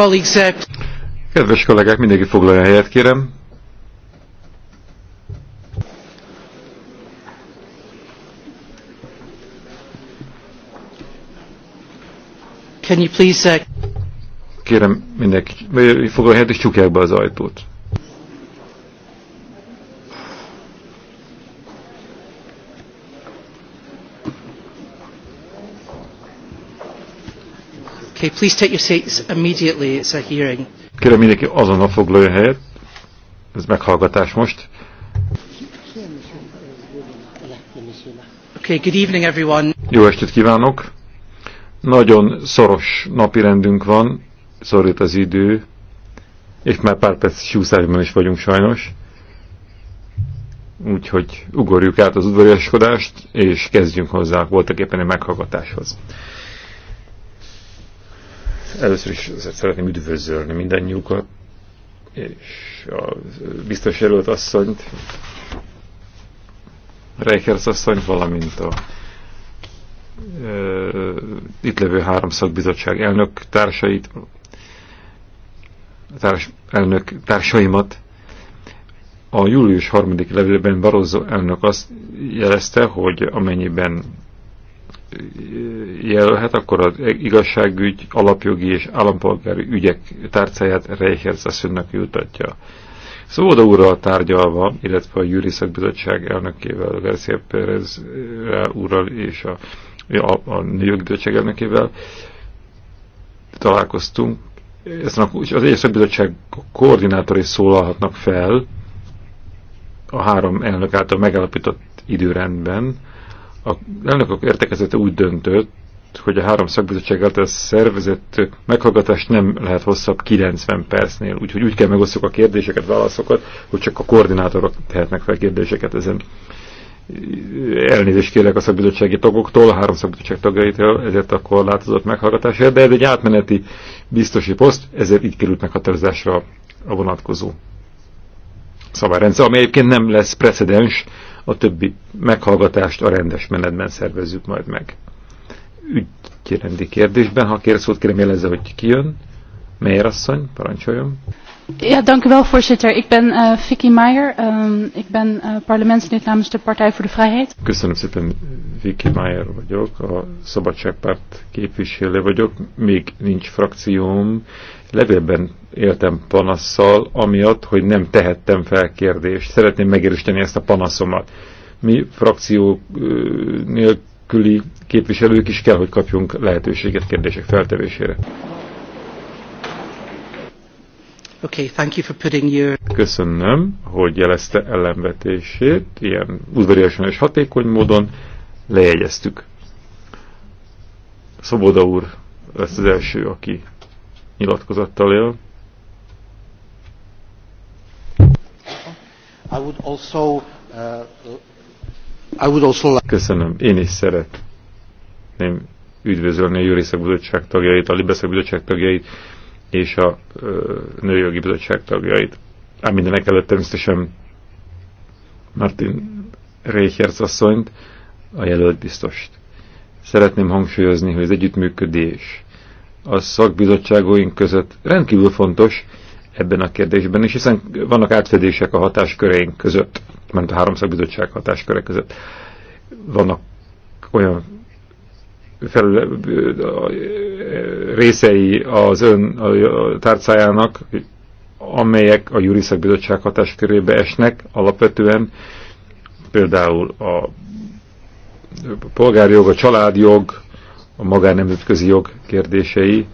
Uh, Kedves kollégák, mindenki foglalja helyet, kérem. Can you please, uh... Kérem, mindenki foglalja helyet, és csukják be az ajtót. Okay, please take your seats immediately. It's a hearing. Kérem mindenki azonnal foglalja helyet. Ez meghallgatás most. Okay, good evening everyone. Jó estét kívánok. Nagyon szoros napi rendünk van, szorít az idő, és már pár perc siúszásban is vagyunk sajnos. Úgyhogy ugorjuk át az udvariaskodást, és kezdjünk hozzá voltak éppen a meghallgatáshoz. Először is szeretném üdvözölni mindannyiukat, és a biztos jelölt asszonyt, Reikers asszony, valamint a e, itt levő három szakbizottság elnök társait, társ, elnök társaimat. A július harmadik levélben Barozó elnök azt jelezte, hogy amennyiben jelölhet, akkor az igazságügy, alapjogi és állampolgári ügyek tárcáját Reichertz asszonynak jutatja. Szóda úrral tárgyalva, illetve a Júri Szakbizottság elnökével, Garcia Pérez eh, úrral és a, a, a Nőjogi Bizottság elnökével találkoztunk. Ezen az egyes szakbizottság koordinátori szólalhatnak fel a három elnök által megállapított időrendben, a elnökök értekezete úgy döntött, hogy a három szakbizottság által szervezett meghallgatást nem lehet hosszabb 90 percnél, úgyhogy úgy kell megosztjuk a kérdéseket, válaszokat, hogy csak a koordinátorok tehetnek fel kérdéseket ezen. Elnézést kérek a szakbizottsági tagoktól, a három szakbizottság tagjaitól ezért a korlátozott meghallgatásért, de ez egy átmeneti biztosi poszt, ezért így került meghatározásra a vonatkozó szabályrendszer, ami egyébként nem lesz precedens a többi meghallgatást a rendes menetben szervezzük majd meg. Ügyrendi kérdésben, ha kérsz, ott kérem jelezze, hogy ki jön? Melyer asszony, parancsoljon. Ja, dank u wel, voorzitter. Ik ben uh, Vicky Meijer. Um, ik ben uh, parlementslid namens de Partij voor de Vrijheid. Köszönöm szépen, Vicky Meijer vagyok, a Szabadságpárt képviselő vagyok. Még nincs frakcióm. Levélben éltem panasszal, amiatt, hogy nem tehettem fel kérdést. Szeretném megerősíteni ezt a panaszomat. Mi frakció nélküli képviselők is kell, hogy kapjunk lehetőséget kérdések feltevésére. Okay, thank you for putting your... Köszönöm, hogy jelezte ellenvetését, ilyen udvariasan és hatékony módon lejegyeztük. Szoboda úr lesz az első, aki nyilatkozattal él. I would also, uh, I would also like... Köszönöm, én is szeretném üdvözölni a Jőrészek Bizottság tagjait, a Libeszek Bizottság tagjait, és a Nőjogi Bizottság tagjait. Ám mindenek előtt természetesen Martin Reichertz asszonyt, a jelölt biztost. Szeretném hangsúlyozni, hogy az együttműködés a szakbizottságoink között rendkívül fontos ebben a kérdésben is, hiszen vannak átfedések a hatásköreink között, mert a három szakbizottság hatásköre között. Vannak olyan felül, részei az ön a tárcájának, amelyek a Juri bizottság hatáskörébe esnek alapvetően, például a polgárjog, a családjog, a magánemzetközi jog kérdései.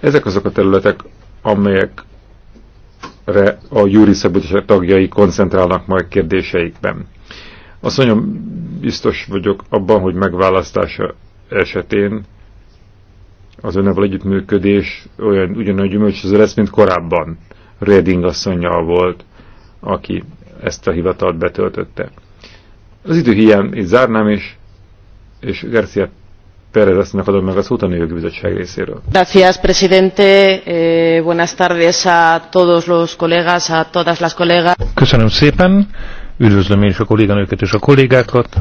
Ezek azok a területek, amelyekre a Júri Bizottság tagjai koncentrálnak majd kérdéseikben. Azt mondjam, biztos vagyok abban, hogy megválasztása esetén az önnel együttműködés olyan ugyanolyan gyümölcsöző lesz, mint korábban Reding asszonyjal volt, aki ezt a hivatalt betöltötte. Az idő hiány, itt zárnám, is és Garcia Pérez asszonynak adom meg a szót a Nőjogi Bizottság részéről. Gracias, presidente. Eh, buenas tardes a todos los colegas, a todas las colegas. Köszönöm szépen. Üdvözlöm én is a kolléganőket és a kollégákat.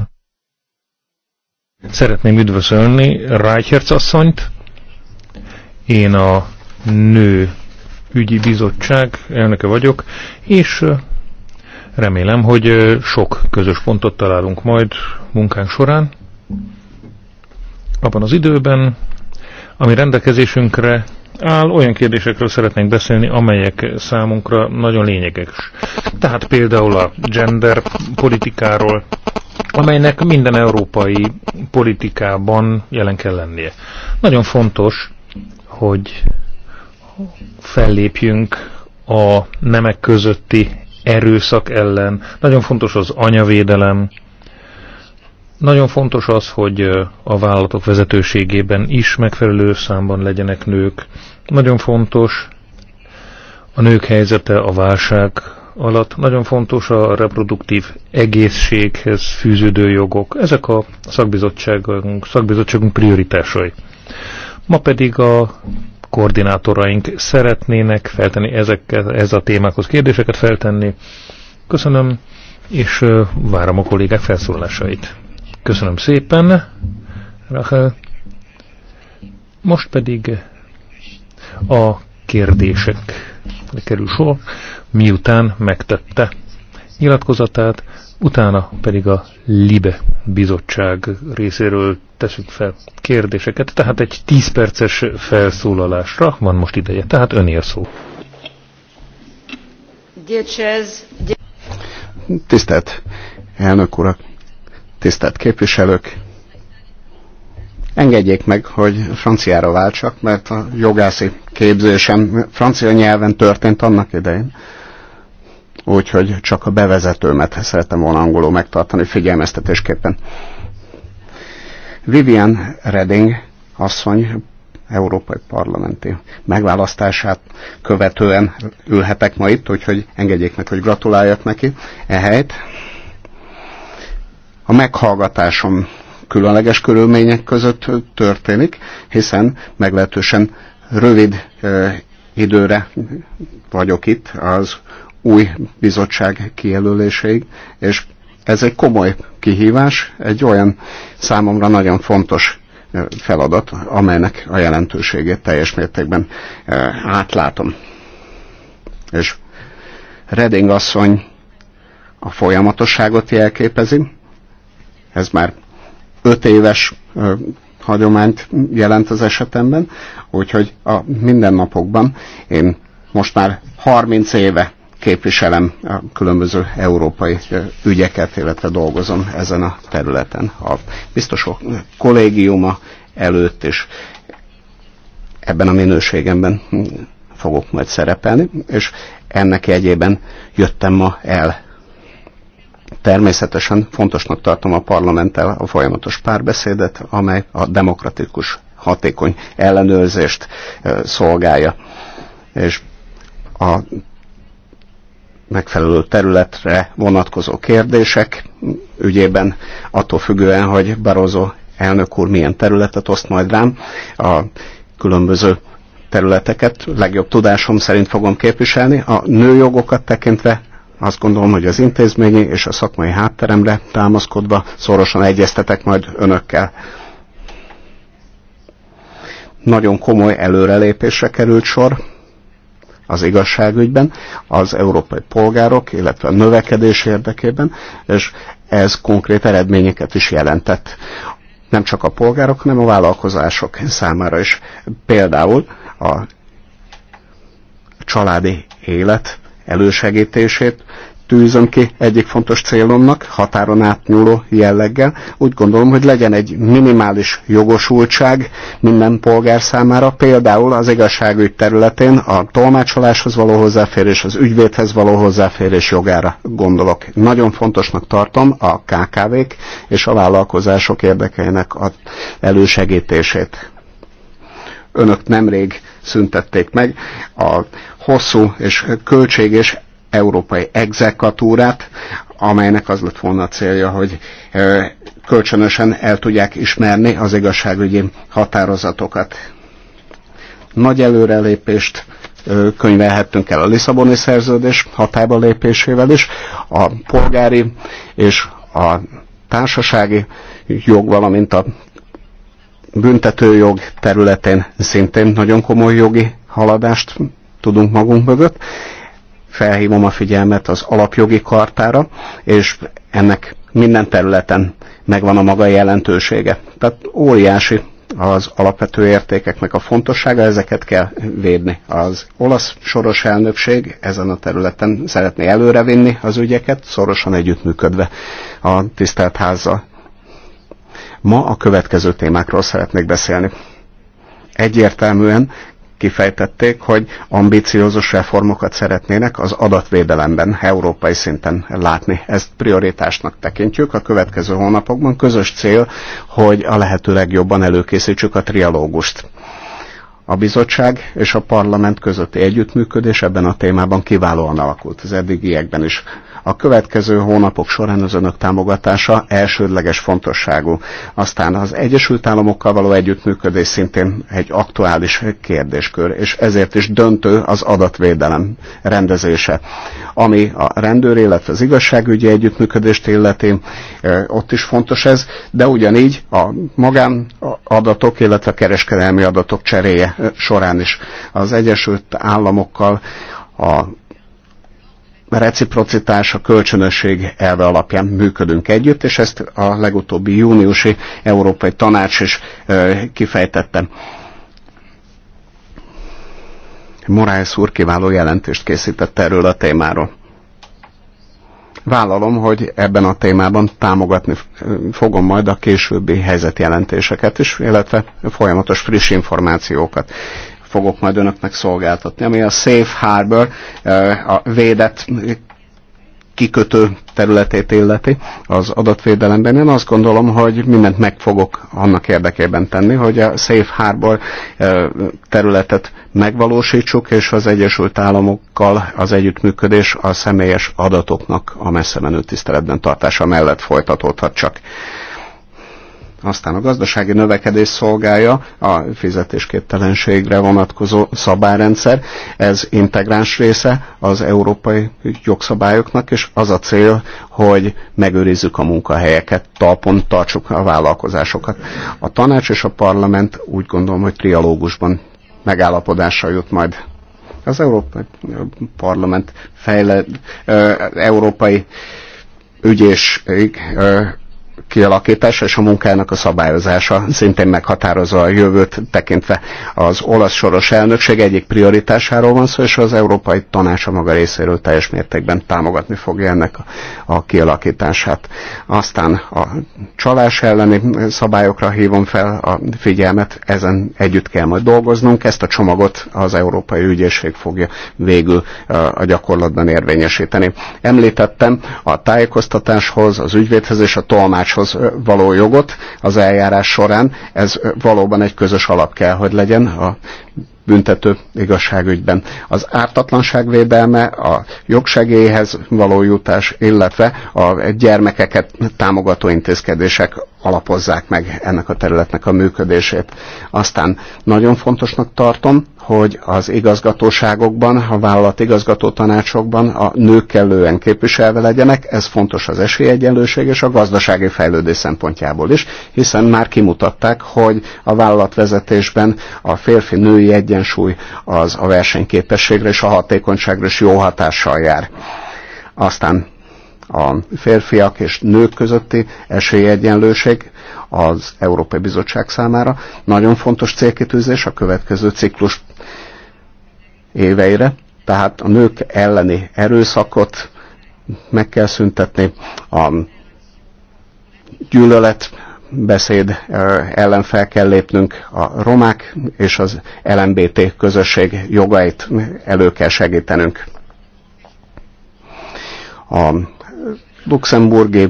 Szeretném üdvözölni Reichertz asszonyt. Én a nő ügyi bizottság elnöke vagyok, és remélem, hogy sok közös pontot találunk majd munkánk során. Abban az időben, ami rendelkezésünkre áll, olyan kérdésekről szeretnénk beszélni, amelyek számunkra nagyon lényeges. Tehát például a gender politikáról, amelynek minden európai politikában jelen kell lennie. Nagyon fontos, hogy fellépjünk a nemek közötti erőszak ellen, nagyon fontos az anyavédelem, nagyon fontos az, hogy a vállalatok vezetőségében is megfelelő számban legyenek nők. Nagyon fontos a nők helyzete a válság alatt nagyon fontos a reproduktív egészséghez fűződő jogok. Ezek a szakbizottságunk, szakbizottságunk prioritásai. Ma pedig a koordinátoraink szeretnének feltenni ezeket, ez a témákhoz kérdéseket feltenni. Köszönöm, és várom a kollégák felszólásait. Köszönöm szépen, Rachel. Most pedig a kérdések kerül sor miután megtette nyilatkozatát, utána pedig a LIBE bizottság részéről teszünk fel kérdéseket, tehát egy 10 perces felszólalásra van most ideje, tehát öné a szó. Tisztelt elnök urak, tisztelt képviselők, engedjék meg, hogy franciára váltsak, mert a jogászi képzésem francia nyelven történt annak idején úgyhogy csak a bevezetőmet szerettem volna angolul megtartani figyelmeztetésképpen. Vivian Redding asszony európai parlamenti megválasztását követően ülhetek ma itt, úgyhogy engedjék meg, hogy gratuláljak neki ehelyt. A meghallgatásom különleges körülmények között történik, hiszen meglehetősen rövid eh, időre vagyok itt az új bizottság kijelöléséig, és ez egy komoly kihívás, egy olyan számomra nagyon fontos feladat, amelynek a jelentőségét teljes mértékben átlátom. És Reding asszony a folyamatosságot jelképezi, ez már öt éves hagyományt jelent az esetemben, úgyhogy a mindennapokban én most már 30 éve képviselem a különböző európai ügyeket, illetve dolgozom ezen a területen. A biztosok kollégiuma előtt is ebben a minőségemben hm, fogok majd szerepelni, és ennek egyében jöttem ma el. Természetesen fontosnak tartom a parlamenttel a folyamatos párbeszédet, amely a demokratikus, hatékony ellenőrzést szolgálja. És a megfelelő területre vonatkozó kérdések ügyében, attól függően, hogy Barozó elnök úr milyen területet oszt majd rám, a különböző területeket legjobb tudásom szerint fogom képviselni. A nőjogokat tekintve azt gondolom, hogy az intézményi és a szakmai hátteremre támaszkodva szorosan egyeztetek majd önökkel. Nagyon komoly előrelépésre került sor az igazságügyben, az európai polgárok, illetve a növekedés érdekében, és ez konkrét eredményeket is jelentett nem csak a polgárok, hanem a vállalkozások számára is. Például a családi élet elősegítését tűzöm ki egyik fontos célomnak, határon átnyúló jelleggel. Úgy gondolom, hogy legyen egy minimális jogosultság minden polgár számára, például az igazságügy területén a tolmácsoláshoz való hozzáférés, az ügyvédhez való hozzáférés jogára gondolok. Nagyon fontosnak tartom a KKV-k és a vállalkozások érdekeinek az elősegítését. Önök nemrég szüntették meg a hosszú és költséges európai exekatúrát, amelynek az lett volna a célja, hogy kölcsönösen el tudják ismerni az igazságügyi határozatokat. Nagy előrelépést könyvelhettünk el a Lisszaboni szerződés hatába lépésével is, a polgári és a társasági jog, valamint a büntetőjog területén szintén nagyon komoly jogi haladást tudunk magunk mögött, felhívom a figyelmet az alapjogi kartára, és ennek minden területen megvan a maga jelentősége. Tehát óriási az alapvető értékeknek a fontossága, ezeket kell védni. Az olasz soros elnökség ezen a területen szeretné előrevinni az ügyeket, szorosan együttműködve a tisztelt házzal. Ma a következő témákról szeretnék beszélni. Egyértelműen kifejtették, hogy ambiciózus reformokat szeretnének az adatvédelemben európai szinten látni. Ezt prioritásnak tekintjük. A következő hónapokban közös cél, hogy a lehető legjobban előkészítsük a trialógust a bizottság és a parlament közötti együttműködés ebben a témában kiválóan alakult az eddigiekben is. A következő hónapok során az önök támogatása elsődleges fontosságú. Aztán az Egyesült Államokkal való együttműködés szintén egy aktuális kérdéskör, és ezért is döntő az adatvédelem rendezése. Ami a rendőr, illetve az igazságügyi együttműködést illeti, ott is fontos ez, de ugyanígy a magánadatok illetve a kereskedelmi adatok cseréje során is. Az Egyesült Államokkal a reciprocitás, a kölcsönösség elve alapján működünk együtt, és ezt a legutóbbi júniusi Európai Tanács is kifejtette Morales úr kiváló jelentést készített erről a témáról vállalom, hogy ebben a témában támogatni fogom majd a későbbi helyzetjelentéseket is, illetve folyamatos friss információkat fogok majd önöknek szolgáltatni, ami a Safe Harbor, eh, a védett kikötő területét illeti az adatvédelemben. Én azt gondolom, hogy mindent meg fogok annak érdekében tenni, hogy a Safe Harbor területet megvalósítsuk, és az Egyesült Államokkal az együttműködés a személyes adatoknak a messze menő tiszteletben tartása mellett folytatódhat csak. Aztán a gazdasági növekedés szolgálja a fizetésképtelenségre vonatkozó szabályrendszer. Ez integráns része az európai jogszabályoknak, és az a cél, hogy megőrizzük a munkahelyeket, talpon tartsuk a vállalkozásokat. A tanács és a parlament úgy gondolom, hogy trialógusban megállapodásra jut majd az Európai Parlament fejle, európai ügyészség kialakítása és a munkának a szabályozása szintén meghatározza a jövőt tekintve. Az olasz soros elnökség egyik prioritásáról van szó, és az Európai Tanács a maga részéről teljes mértékben támogatni fogja ennek a kialakítását. Aztán a csalás elleni szabályokra hívom fel a figyelmet, ezen együtt kell majd dolgoznunk, ezt a csomagot az Európai Ügyészség fogja végül a gyakorlatban érvényesíteni. Említettem a tájékoztatáshoz, az ügyvédhez és a tolmács tanácshoz való jogot az eljárás során. Ez valóban egy közös alap kell, hogy legyen a büntető igazságügyben. Az ártatlanság védelme, a jogsegélyhez való jutás, illetve a gyermekeket támogató intézkedések alapozzák meg ennek a területnek a működését. Aztán nagyon fontosnak tartom, hogy az igazgatóságokban, a vállalat igazgató tanácsokban a nők kellően képviselve legyenek, ez fontos az esélyegyenlőség és a gazdasági fejlődés szempontjából is, hiszen már kimutatták, hogy a vállalatvezetésben a férfi-női egy egyensúly az a versenyképességre és a hatékonyságra is jó hatással jár. Aztán a férfiak és nők közötti esélyegyenlőség az Európai Bizottság számára. Nagyon fontos célkitűzés a következő ciklus éveire, tehát a nők elleni erőszakot meg kell szüntetni, a gyűlölet beszéd ellen fel kell lépnünk, a romák és az LMBT közösség jogait elő kell segítenünk. A luxemburgi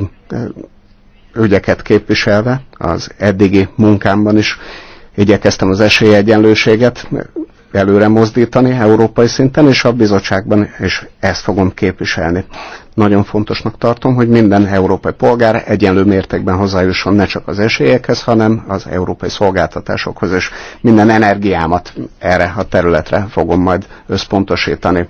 ügyeket képviselve, az eddigi munkámban is igyekeztem az esélyegyenlőséget előre mozdítani európai szinten, és a bizottságban és ezt fogom képviselni. Nagyon fontosnak tartom, hogy minden európai polgár egyenlő mértékben hozzájusson ne csak az esélyekhez, hanem az európai szolgáltatásokhoz, és minden energiámat erre a területre fogom majd összpontosítani.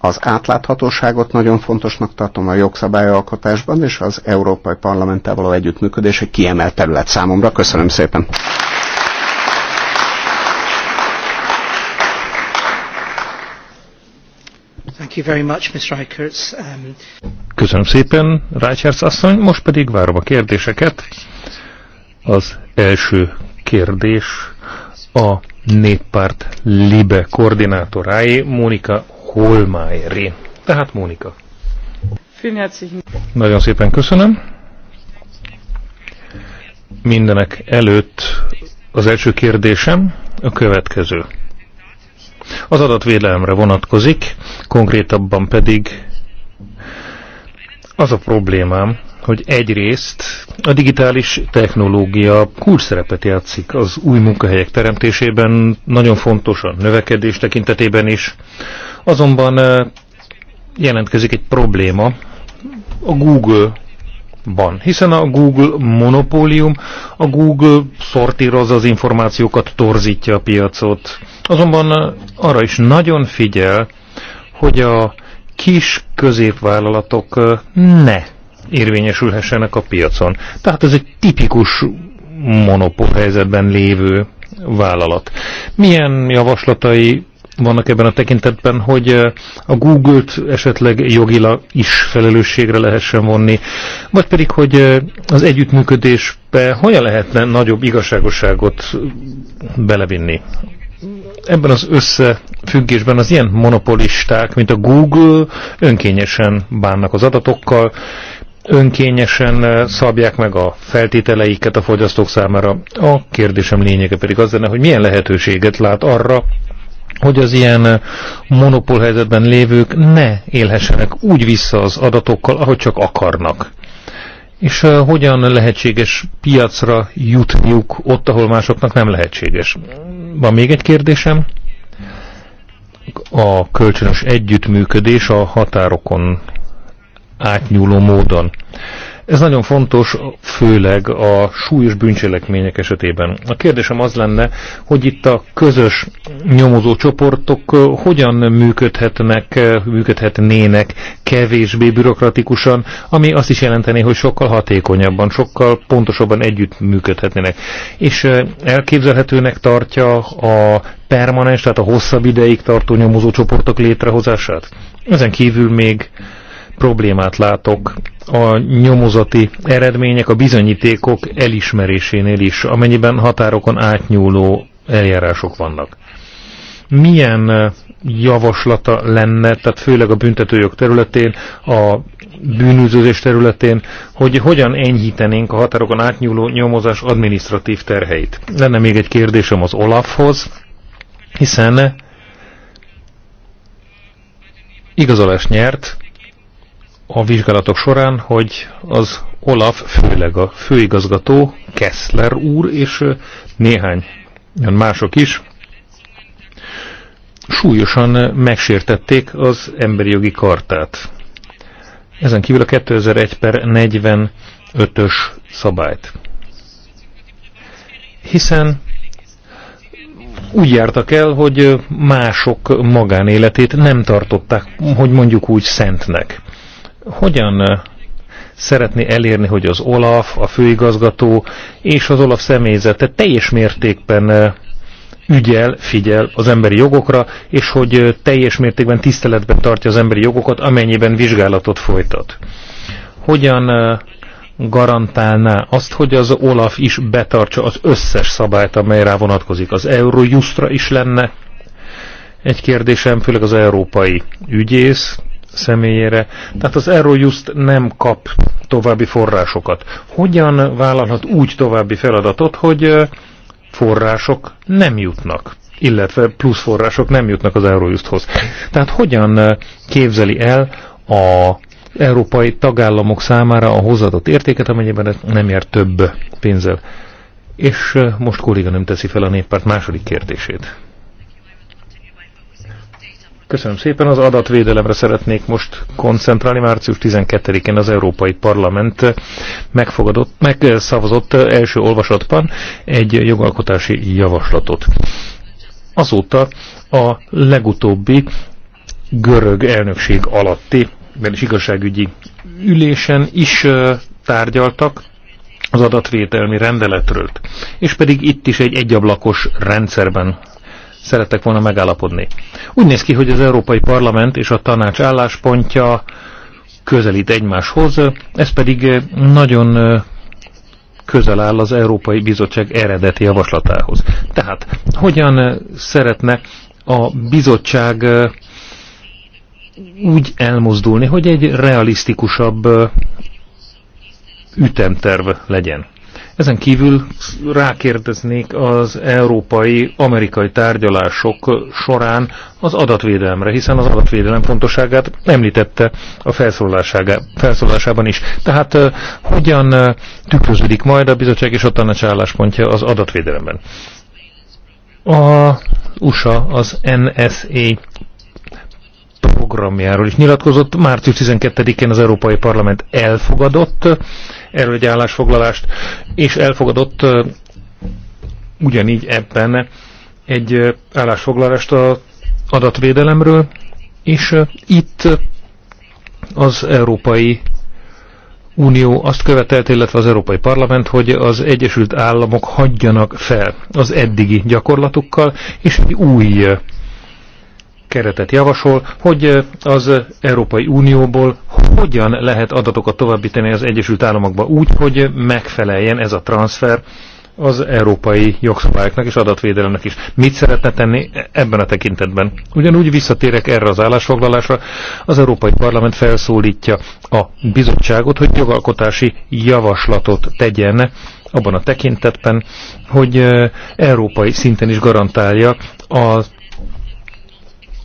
Az átláthatóságot nagyon fontosnak tartom a jogszabályalkotásban, és az Európai Parlamenttel való együttműködés egy kiemelt terület számomra. Köszönöm szépen! Um, köszönöm szépen, Reichertz asszony. Most pedig várom a kérdéseket. Az első kérdés a néppárt LIBE koordinátorái, Mónika Holmájeri. Tehát Mónika. Nagyon szépen köszönöm. Mindenek előtt az első kérdésem a következő az adatvédelemre vonatkozik, konkrétabban pedig az a problémám, hogy egyrészt a digitális technológia kulcs szerepet játszik az új munkahelyek teremtésében, nagyon fontos a növekedés tekintetében is. Azonban eh, jelentkezik egy probléma, a Google ban. Hiszen a Google monopólium, a Google szortíroz az információkat, torzítja a piacot. Azonban arra is nagyon figyel, hogy a kis középvállalatok ne érvényesülhessenek a piacon. Tehát ez egy tipikus monopól helyzetben lévő vállalat. Milyen javaslatai vannak ebben a tekintetben, hogy a Google-t esetleg jogilag is felelősségre lehessen vonni, vagy pedig, hogy az együttműködésbe hogyan lehetne nagyobb igazságosságot belevinni. Ebben az összefüggésben az ilyen monopolisták, mint a Google, önkényesen bánnak az adatokkal, önkényesen szabják meg a feltételeiket a fogyasztók számára. A kérdésem lényege pedig az lenne, hogy milyen lehetőséget lát arra, hogy az ilyen eh, monopól helyzetben lévők ne élhessenek úgy vissza az adatokkal, ahogy csak akarnak. És eh, hogyan lehetséges piacra jutniuk ott, ahol másoknak nem lehetséges? Van még egy kérdésem? A kölcsönös együttműködés a határokon átnyúló módon. Ez nagyon fontos, főleg a súlyos bűncselekmények esetében. A kérdésem az lenne, hogy itt a közös nyomozó csoportok hogyan működhetnek, működhetnének kevésbé bürokratikusan, ami azt is jelenteni, hogy sokkal hatékonyabban, sokkal pontosabban együtt működhetnének. És elképzelhetőnek tartja a permanens, tehát a hosszabb ideig tartó nyomozó csoportok létrehozását. Ezen kívül még problémát látok a nyomozati eredmények, a bizonyítékok elismerésénél is, amennyiben határokon átnyúló eljárások vannak. Milyen eh, javaslata lenne, tehát főleg a büntetőjog területén, a bűnüldözés területén, hogy hogyan enyhítenénk a határokon átnyúló nyomozás administratív terheit. Lenne még egy kérdésem az Olafhoz, hiszen igazolást nyert a vizsgálatok során, hogy az Olaf, főleg a főigazgató, Kessler úr és néhány mások is súlyosan megsértették az emberi jogi kartát. Ezen kívül a 2001 per 45-ös szabályt. Hiszen úgy jártak el, hogy mások magánéletét nem tartották, hogy mondjuk úgy szentnek hogyan szeretné elérni, hogy az Olaf, a főigazgató és az Olaf személyzete teljes mértékben ügyel, figyel az emberi jogokra, és hogy teljes mértékben tiszteletben tartja az emberi jogokat, amennyiben vizsgálatot folytat. Hogyan garantálná azt, hogy az Olaf is betartsa az összes szabályt, amely rá vonatkozik. Az Eurojustra is lenne egy kérdésem, főleg az európai ügyész személyére. Tehát az Eurojust nem kap további forrásokat. Hogyan vállalhat úgy további feladatot, hogy források nem jutnak? illetve plusz források nem jutnak az Eurojusthoz. Tehát hogyan képzeli el a európai tagállamok számára a hozadott értéket, amennyiben ez nem jár több pénzzel? És most kolléga nem teszi fel a néppárt második kérdését. Köszönöm szépen. Az adatvédelemre szeretnék most koncentrálni. Március 12-én az Európai Parlament megfogadott, megszavazott első olvasatban egy jogalkotási javaslatot. Azóta a legutóbbi görög elnökség alatti, mert is igazságügyi ülésen is tárgyaltak az adatvédelmi rendeletről, és pedig itt is egy egyablakos rendszerben szerettek volna megállapodni. Úgy néz ki, hogy az Európai Parlament és a tanács álláspontja közelít egymáshoz, ez pedig eh, nagyon eh, közel áll az Európai Bizottság eredeti javaslatához. Tehát hogyan eh, szeretne a bizottság úgy elmozdulni, hogy egy realisztikusabb ütemterv legyen? Ezen kívül rákérdeznék az európai-amerikai tárgyalások során az adatvédelemre, hiszen az adatvédelem fontosságát említette a felszólásában is. Tehát hogyan tükröződik majd a bizottság és a tanács álláspontja az adatvédelemben? A USA az NSA programjáról is nyilatkozott. Március 12-én az Európai Parlament elfogadott erről egy állásfoglalást, és elfogadott ugyanígy ebben egy állásfoglalást az adatvédelemről, és itt az Európai Unió azt követelt, illetve az Európai Parlament, hogy az Egyesült Államok hagyjanak fel az eddigi gyakorlatukkal, és egy új keretet javasol, hogy az Európai Unióból hogyan lehet adatokat továbbítani az Egyesült Államokba úgy, hogy megfeleljen ez a transfer az európai jogszabályoknak és adatvédelemnek is. Mit szeretne tenni e- ebben a tekintetben? Ugyanúgy visszatérek erre az állásfoglalásra. Az Európai Parlament felszólítja a bizottságot, hogy jogalkotási javaslatot tegyen abban a tekintetben, hogy európai szinten is garantálja az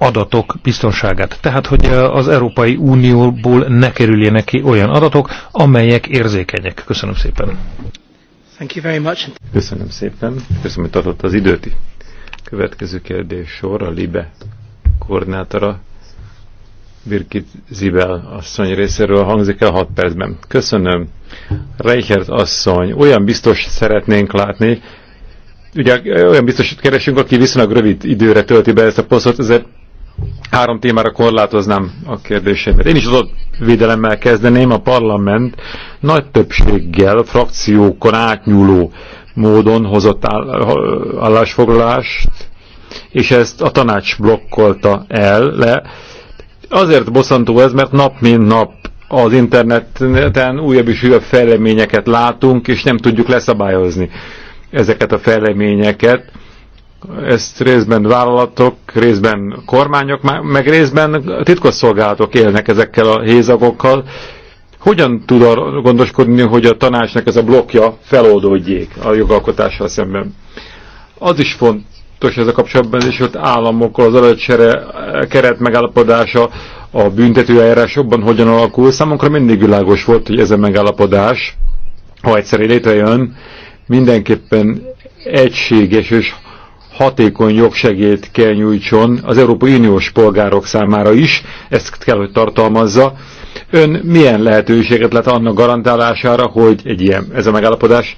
adatok biztonságát. Tehát, hogy eh, az Európai Unióból ne kerüljenek ki olyan adatok, amelyek érzékenyek. Köszönöm szépen. Thank you very much. Köszönöm szépen. Köszönöm, hogy tartott az időt. Következő kérdés sor a LIBE koordinátora Birgit Zibel asszony részéről hangzik el 6 percben. Köszönöm. Reichert asszony, olyan biztos szeretnénk látni, ugye olyan biztosat keresünk, aki viszonylag rövid időre tölti be ezt a posztot, ezért Három témára korlátoznám a kérdésemet. Én is az védelemmel kezdeném, a parlament nagy többséggel, frakciókon átnyúló módon hozott állásfoglalást, és ezt a tanács blokkolta el le. Azért bosszantó ez, mert nap mint nap az interneten újabb és újabb fejleményeket látunk, és nem tudjuk leszabályozni ezeket a fejleményeket ezt részben vállalatok, részben kormányok, meg részben titkosszolgálatok élnek ezekkel a hézagokkal. Hogyan tud gondoskodni, hogy a tanácsnak ez a blokja feloldódjék a jogalkotással szemben? Az is fontos ez a kapcsolatban, és ott államokkal az adatcsere keret megállapodása a eljárásokban hogyan alakul. Számunkra mindig világos volt, hogy ez a megállapodás, ha egyszer létrejön, mindenképpen egységes és hatékony jogsegélyt kell nyújtson az Európai Uniós polgárok számára is, ezt kell, hogy tartalmazza. Ön milyen lehetőséget lett annak garantálására, hogy egy ilyen, ez a megállapodás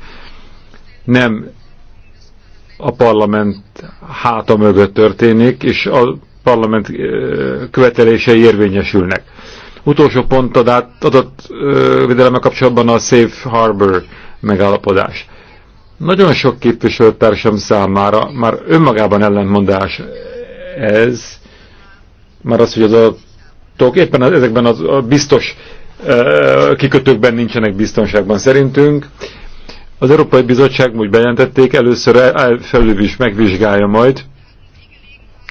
nem a parlament háta mögött történik, és a parlament követelései érvényesülnek. Utolsó pont adat, védelemmel kapcsolatban a Safe Harbor megállapodás. Nagyon sok képviselőtársam számára már önmagában ellentmondás ez, már az, hogy az adatok éppen az, ezekben az, a biztos uh, kikötőkben nincsenek biztonságban szerintünk. Az Európai Bizottság úgy bejelentették, először felül is megvizsgálja majd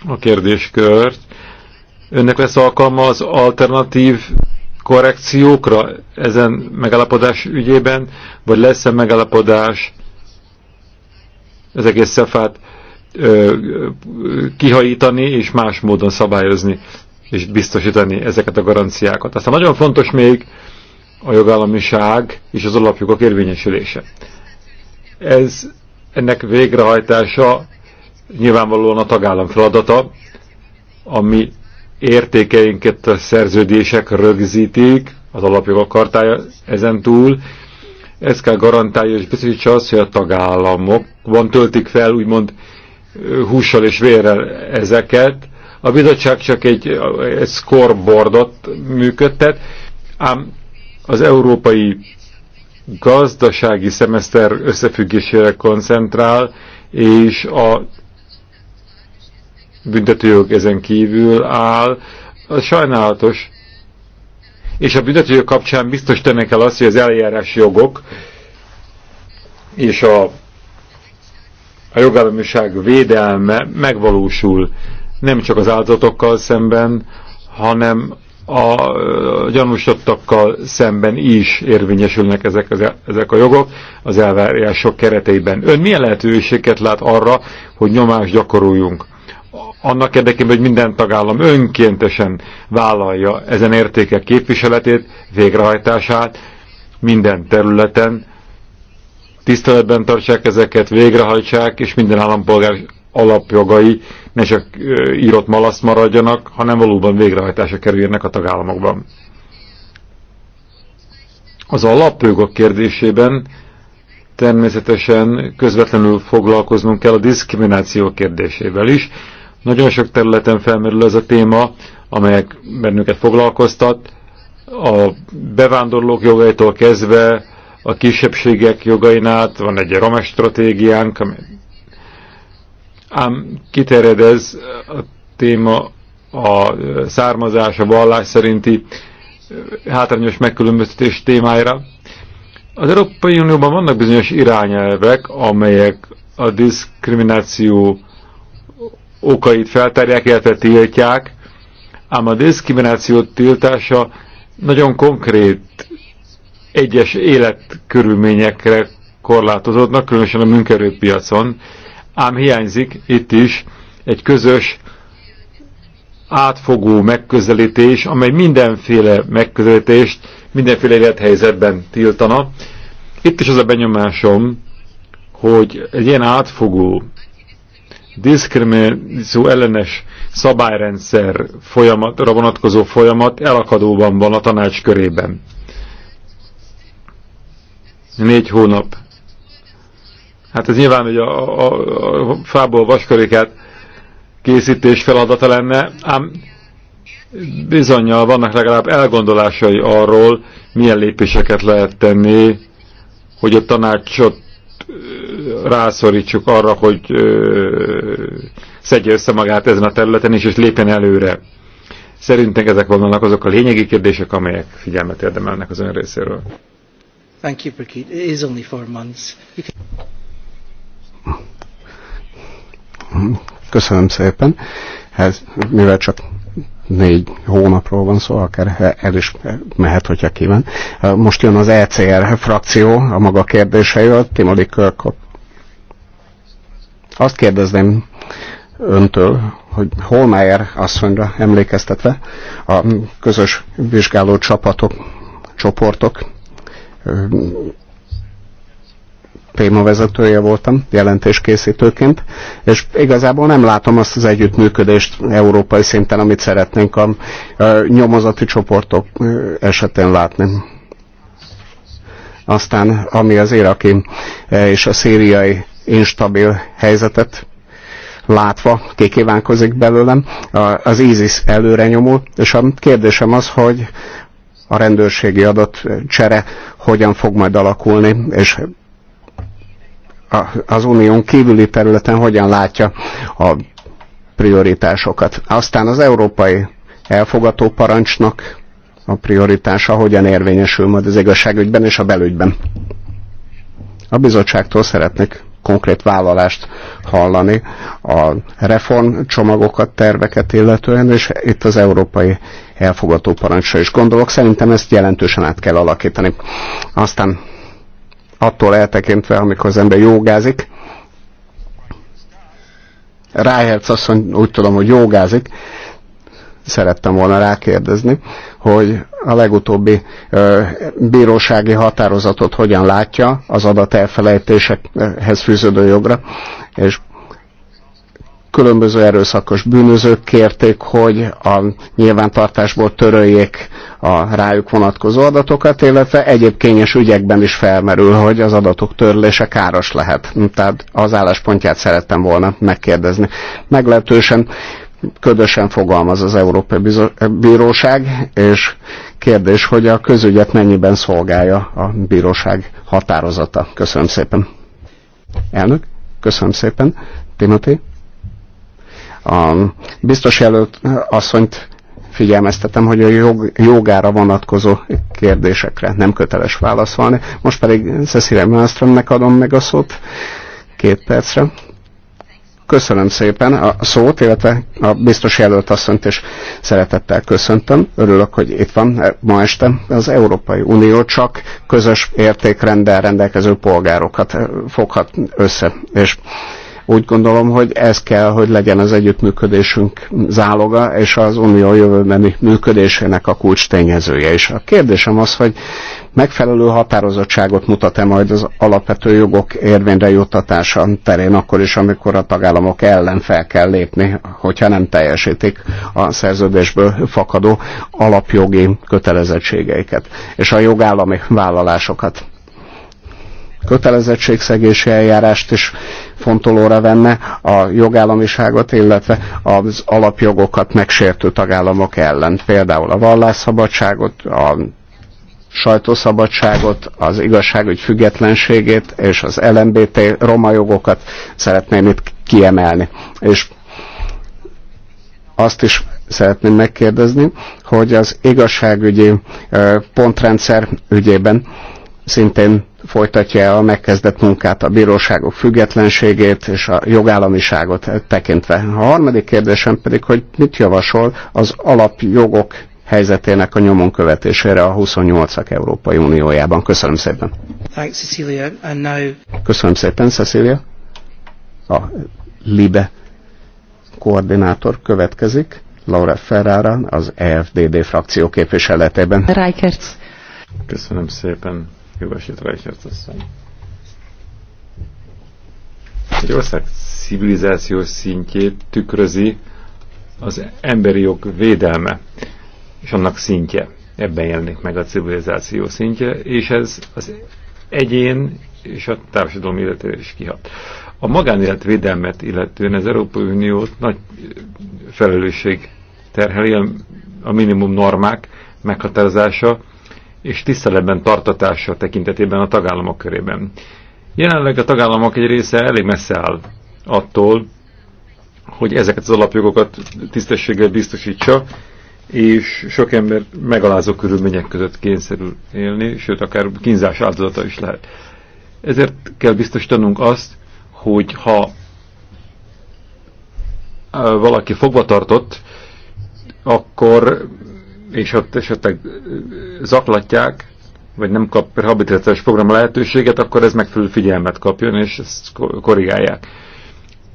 a kérdéskört. Önnek lesz alkalma az alternatív korrekciókra ezen megállapodás ügyében, vagy lesz-e megállapodás az egész szefát kihajítani és más módon szabályozni és biztosítani ezeket a garanciákat. Aztán nagyon fontos még a jogállamiság és az alapjogok érvényesülése. Ez ennek végrehajtása nyilvánvalóan a tagállam feladata, ami értékeinket a szerződések rögzítik, az alapjogok kartája ezen túl, ez kell garantálja és biztosítsa azt, hogy a tagállamokban töltik fel úgymond hússal és vérrel ezeket. A bizottság csak egy, egy scoreboardot működtet, ám az európai gazdasági szemeszter összefüggésére koncentrál, és a büntetőjog ezen kívül áll. Az sajnálatos, és a büntetőjog kapcsán biztos tenni el azt, hogy az eljárási jogok és a, a jogállamiság védelme megvalósul nem csak az áldozatokkal szemben, hanem a gyanúsítottakkal szemben is érvényesülnek ezek, az, e, ezek a jogok az elvárások kereteiben. Ön milyen lehetőséget lát arra, hogy nyomást gyakoroljunk annak érdekében, hogy minden tagállam önkéntesen vállalja ezen értékek képviseletét, végrehajtását minden területen, tiszteletben tartsák ezeket, végrehajtsák, és minden állampolgár alapjogai ne csak írott malasz maradjanak, hanem valóban végrehajtásra kerüljenek a tagállamokban. Az alapjogok kérdésében természetesen közvetlenül foglalkoznunk kell a diszkrimináció kérdésével is, nagyon sok területen felmerül ez a téma, amelyek bennünket foglalkoztat. A bevándorlók jogaitól kezdve a kisebbségek jogain át, van egy romes stratégiánk, ami... ám kiterjed ez a téma a származás, a vallás szerinti hátrányos megkülönböztetés témájára. Az Európai Unióban vannak bizonyos irányelvek, amelyek a diszkrimináció okait feltárják, illetve tiltják, ám a diszkrimináció tiltása nagyon konkrét egyes életkörülményekre korlátozódnak, különösen a munkerőpiacon, ám hiányzik itt is egy közös, átfogó megközelítés, amely mindenféle megközelítést mindenféle élethelyzetben tiltana. Itt is az a benyomásom, hogy egy ilyen átfogó diszkrimináció ellenes szabályrendszer folyamatra vonatkozó folyamat elakadóban van a tanács körében. Négy hónap. Hát ez nyilván, hogy a, a, a fából vaskarikát készítés feladata lenne, ám bizonyal vannak legalább elgondolásai arról, milyen lépéseket lehet tenni, hogy a tanácsot rászorítsuk arra, hogy szedje össze magát ezen a területen is, és lépjen előre. Szerintem ezek vannak azok a lényegi kérdések, amelyek figyelmet érdemelnek az ön részéről. Thank you, Brigitte. It is only four months. Can... Köszönöm szépen. Ez, mivel csak négy hónapról van szó, akár el is mehet, hogyha kíván. Most jön az ECR frakció a maga kérdéseivel, Timoli Kölkop azt kérdezném öntől, hogy Holmeier asszonyra emlékeztetve a közös vizsgáló csapatok, csoportok témavezetője voltam jelentéskészítőként, és igazából nem látom azt az együttműködést európai szinten, amit szeretnénk a, nyomozati csoportok esetén látni. Aztán, ami az iraki és a szíriai instabil helyzetet látva kikívánkozik belőlem, az ISIS előre nyomul, és a kérdésem az, hogy a rendőrségi adat csere hogyan fog majd alakulni, és az unión kívüli területen hogyan látja a prioritásokat. Aztán az európai elfogató parancsnak a prioritása hogyan érvényesül majd az igazságügyben és a belügyben. A bizottságtól szeretnék konkrét vállalást hallani a reformcsomagokat, terveket illetően, és itt az európai elfogadó parancsra is gondolok. Szerintem ezt jelentősen át kell alakítani. Aztán attól eltekintve, amikor az ember jogázik, Ráhertz mondja, úgy tudom, hogy jogázik, szerettem volna rákérdezni, hogy a legutóbbi ö, bírósági határozatot hogyan látja az adat elfelejtésekhez fűződő jogra, és különböző erőszakos bűnözők kérték, hogy a nyilvántartásból töröljék a rájuk vonatkozó adatokat, illetve egyéb kényes ügyekben is felmerül, hogy az adatok törlése káros lehet. Tehát az álláspontját szerettem volna megkérdezni. Meglehetősen ködösen fogalmaz az Európai Bíróság, és kérdés, hogy a közügyet mennyiben szolgálja a bíróság határozata. Köszönöm szépen. Elnök, köszönöm szépen. Timothy. A biztos jelölt asszonyt figyelmeztetem, hogy a jog, jogára vonatkozó kérdésekre nem köteles válaszolni. Most pedig Cecilia Malmströmnek adom meg a szót két percre. Köszönöm szépen a szót, illetve a biztos jelölt asszonyt is szeretettel köszöntöm. Örülök, hogy itt van ma este. Az Európai Unió csak közös értékrendel rendelkező polgárokat foghat össze, és úgy gondolom, hogy ez kell, hogy legyen az együttműködésünk záloga, és az unió jövőbeni működésének a kulcs tényezője is. A kérdésem az, hogy megfelelő határozottságot mutat-e majd az alapvető jogok érvényre juttatása terén, akkor is, amikor a tagállamok ellen fel kell lépni, hogyha nem teljesítik a szerződésből fakadó alapjogi kötelezettségeiket, és a jogállami vállalásokat kötelezettségszegési eljárást is fontolóra venne a jogállamiságot, illetve az alapjogokat megsértő tagállamok ellen, például a vallásszabadságot, a sajtószabadságot, az igazságügy függetlenségét és az LMBT roma jogokat szeretném itt kiemelni. És azt is szeretném megkérdezni, hogy az igazságügyi pontrendszer ügyében szintén folytatja a megkezdett munkát, a bíróságok függetlenségét és a jogállamiságot tekintve. A harmadik kérdésem pedig, hogy mit javasol az alapjogok helyzetének a nyomon követésére a 28-ak Európai Uniójában. Köszönöm szépen. Thanks, Cecilia. And now... Köszönöm szépen, Cecilia. A LIBE koordinátor következik, Laura Ferrara, az EFDD frakció képviseletében. Reikertz. Köszönöm szépen. Jó esét, Reichert asszony. Egy ország civilizációs szintjét tükrözi az emberi jog védelme és annak szintje. Ebben jelenik meg a civilizáció szintje, és ez az egyén és a társadalom életére is kihat. A magánélet védelmet illetően az Európai Uniót nagy felelősség terheli a minimum normák meghatározása, és tiszteletben tartatása tekintetében a tagállamok körében. Jelenleg a tagállamok egy része elég messze áll attól, hogy ezeket az alapjogokat tisztességgel biztosítsa, és sok ember megalázó körülmények között kényszerül élni, sőt, akár kínzás áldozata is lehet. Ezért kell biztosítanunk azt, hogy ha valaki fogva tartott, akkor és ott esetleg zaklatják, vagy nem kap rehabilitációs program lehetőséget, akkor ez megfelelő figyelmet kapjon, és ezt korrigálják.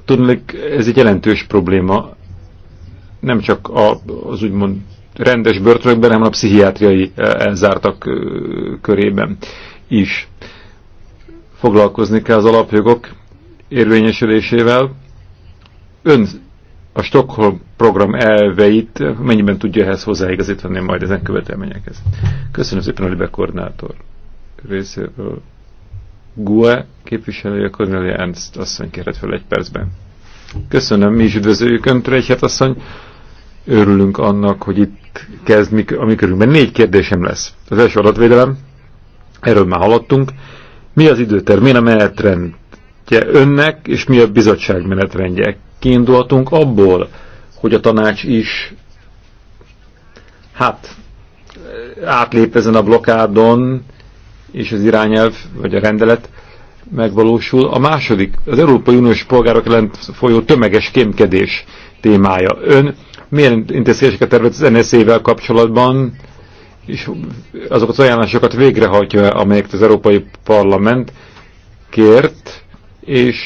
Tudni, ez egy jelentős probléma, nem csak az úgymond rendes börtönökben, hanem a pszichiátriai elzártak körében is. Foglalkozni kell az alapjogok érvényesülésével, ön a Stockholm program elveit mennyiben tudja ehhez hozzáigazítani majd ezen követelményekhez. Köszönöm szépen a Libe koordinátor részéről. GUE képviselője Cornelia Ernst asszony kérhet fel egy percben. Köszönöm, mi is üdvözöljük Önt, Rejhet asszony. Örülünk annak, hogy itt kezd, ami körülben négy kérdésem lesz. Az első adatvédelem, erről már hallottunk. Mi az időterv, mi a menetrend? menetrendje önnek, és mi a bizottság menetrendje kiindultunk abból, hogy a tanács is hát átlép ezen a blokádon, és az irányelv, vagy a rendelet megvalósul. A második, az Európai Uniós polgárok ellen folyó tömeges kémkedés témája. Ön milyen intézkedéseket tervez az NSZ-vel kapcsolatban, és azokat az ajánlásokat végrehajtja, amelyeket az Európai Parlament kért, és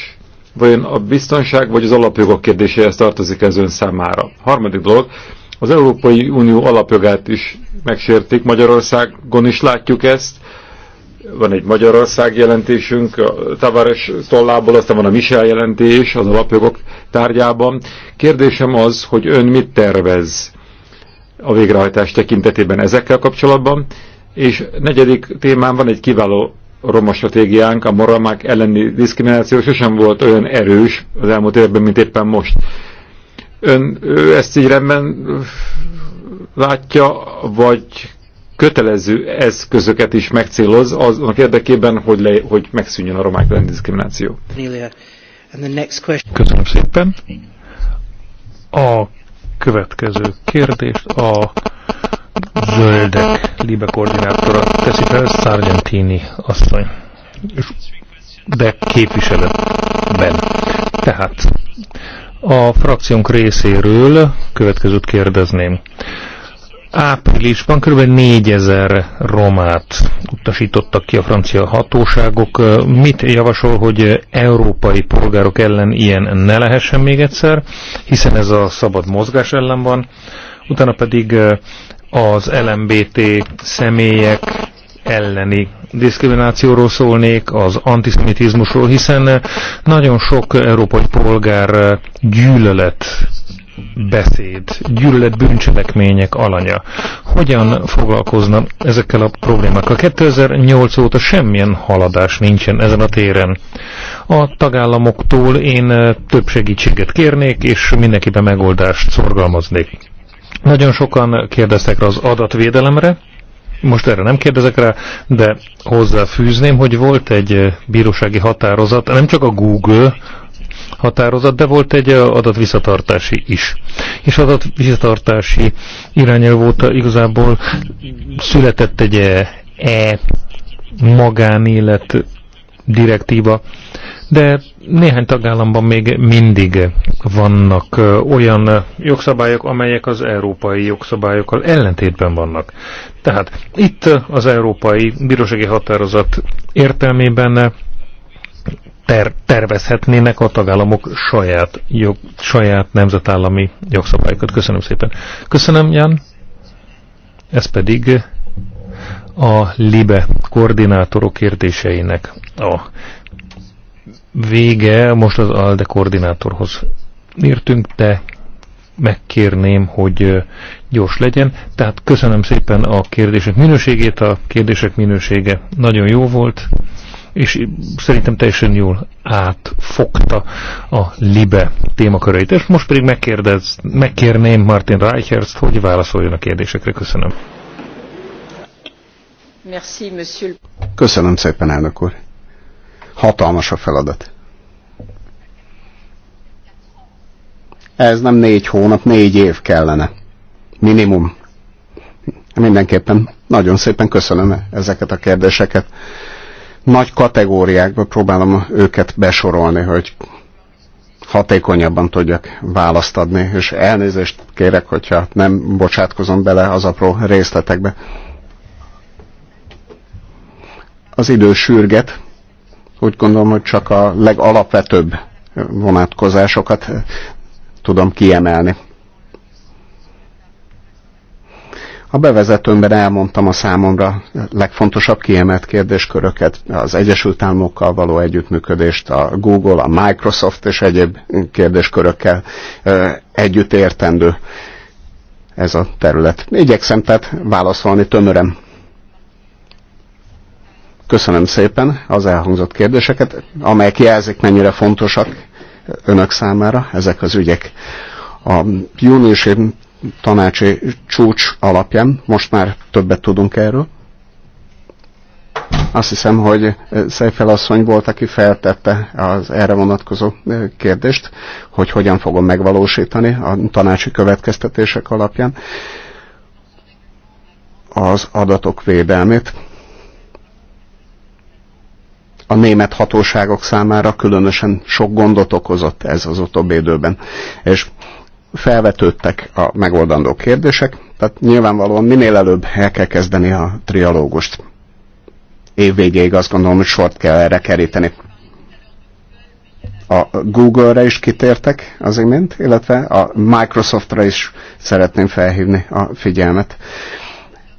vajon a biztonság vagy az alapjogok kérdéséhez tartozik ez ön számára? Harmadik dolog, az Európai Unió alapjogát is megsértik, Magyarországon is látjuk ezt, van egy Magyarország jelentésünk, a Tavares tollából, aztán van a Michel jelentés az alapjogok tárgyában. Kérdésem az, hogy ön mit tervez a végrehajtás tekintetében ezekkel kapcsolatban, és negyedik témán van egy kiváló a roma stratégiánk, a moromák elleni diszkrimináció sosem volt olyan erős az elmúlt években, mint éppen most. Ön ő ezt így rendben látja, vagy kötelező eszközöket is megcéloz aznak érdekében, hogy, le, hogy megszűnjön a romák elleni diszkrimináció. Köszönöm szépen. A következő kérdést a zöldek libe koordinátora teszi fel Sargentini asszony. És De képviseletben. Tehát a frakciónk részéről következőt kérdezném. Áprilisban kb. 4000 romát utasítottak ki a francia hatóságok. Mit javasol, hogy európai polgárok ellen ilyen ne lehessen még egyszer, hiszen ez a szabad mozgás ellen van. Utána pedig az LMBT személyek elleni diszkriminációról szólnék, az antiszemitizmusról, hiszen nagyon sok európai polgár gyűlölet beszéd, gyűlölet bűncselekmények alanya. Hogyan foglalkozna ezekkel a problémákkal? 2008 óta semmilyen haladás nincsen ezen a téren. A tagállamoktól én több segítséget kérnék, és mindenkiben megoldást szorgalmaznék. Nagyon sokan kérdeztek rá az adatvédelemre, most erre nem kérdezek rá, de hozzáfűzném, hogy volt egy eh, bírósági határozat, nem csak a Google határozat, de volt egy eh, adatvisszatartási is. És adatvisszatartási irányelv volt, igazából született egy e eh, magánélet direktíva, de néhány tagállamban még mindig vannak olyan jogszabályok, amelyek az európai jogszabályokkal ellentétben vannak. Tehát itt az európai bírósági határozat értelmében ter tervezhetnének a tagállamok saját, jog, saját nemzetállami jogszabályokat. Köszönöm szépen. Köszönöm, Jan. Ez pedig a LIBE koordinátorok kérdéseinek a vége, most az ALDE koordinátorhoz értünk, de megkérném, hogy gyors legyen. Tehát köszönöm szépen a kérdések minőségét, a kérdések minősége nagyon jó volt, és szerintem teljesen jól átfogta a LIBE témaköreit. És most pedig megkérdez, megkérném Martin Reichertzt, hogy válaszoljon a kérdésekre. Köszönöm. Köszönöm szépen, elnök úr. Hatalmas a feladat. Ez nem négy hónap, négy év kellene. Minimum. Mindenképpen nagyon szépen köszönöm ezeket a kérdéseket. Nagy kategóriákba próbálom őket besorolni, hogy hatékonyabban tudjak választ adni, és elnézést kérek, hogyha nem bocsátkozom bele az apró részletekbe. Az idő sürget, úgy gondolom, hogy csak a legalapvetőbb vonatkozásokat eh, tudom kiemelni. A bevezetőmben elmondtam a számomra legfontosabb kiemelt kérdésköröket, az Egyesült Államokkal való együttműködést, a Google, a Microsoft és egyéb kérdéskörökkel eh, együtt értendő ez a terület. Igyekszem tehát válaszolni tömören Köszönöm szépen az elhangzott kérdéseket, amelyek jelzik, mennyire fontosak önök számára ezek az ügyek. A júniusi tanácsi csúcs alapján most már többet tudunk erről. Azt hiszem, hogy Szejfel asszony volt, aki feltette az erre vonatkozó kérdést, hogy hogyan fogom megvalósítani a tanácsi következtetések alapján az adatok védelmét a német hatóságok számára különösen sok gondot okozott ez az utóbbi időben. És felvetődtek a megoldandó kérdések, tehát nyilvánvalóan minél előbb el kell kezdeni a trialógust. Év végéig azt gondolom, hogy sort kell erre keríteni. A Google-re is kitértek az imént, illetve a Microsoft-ra is szeretném felhívni a figyelmet.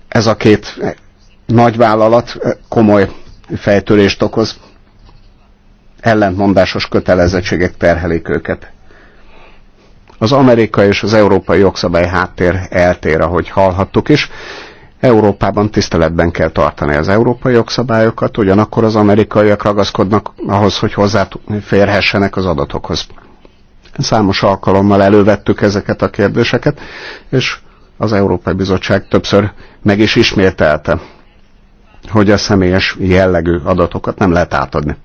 Ez a két nagy vállalat komoly fejtörést okoz ellentmondásos kötelezettségek terhelik őket. Az amerikai és az európai jogszabály háttér eltér, ahogy hallhattuk is. Európában tiszteletben kell tartani az európai jogszabályokat, ugyanakkor az amerikaiak ragaszkodnak ahhoz, hogy hozzáférhessenek az adatokhoz. Számos alkalommal elővettük ezeket a kérdéseket, és az Európai Bizottság többször meg is ismételte, hogy a személyes jellegű adatokat nem lehet átadni.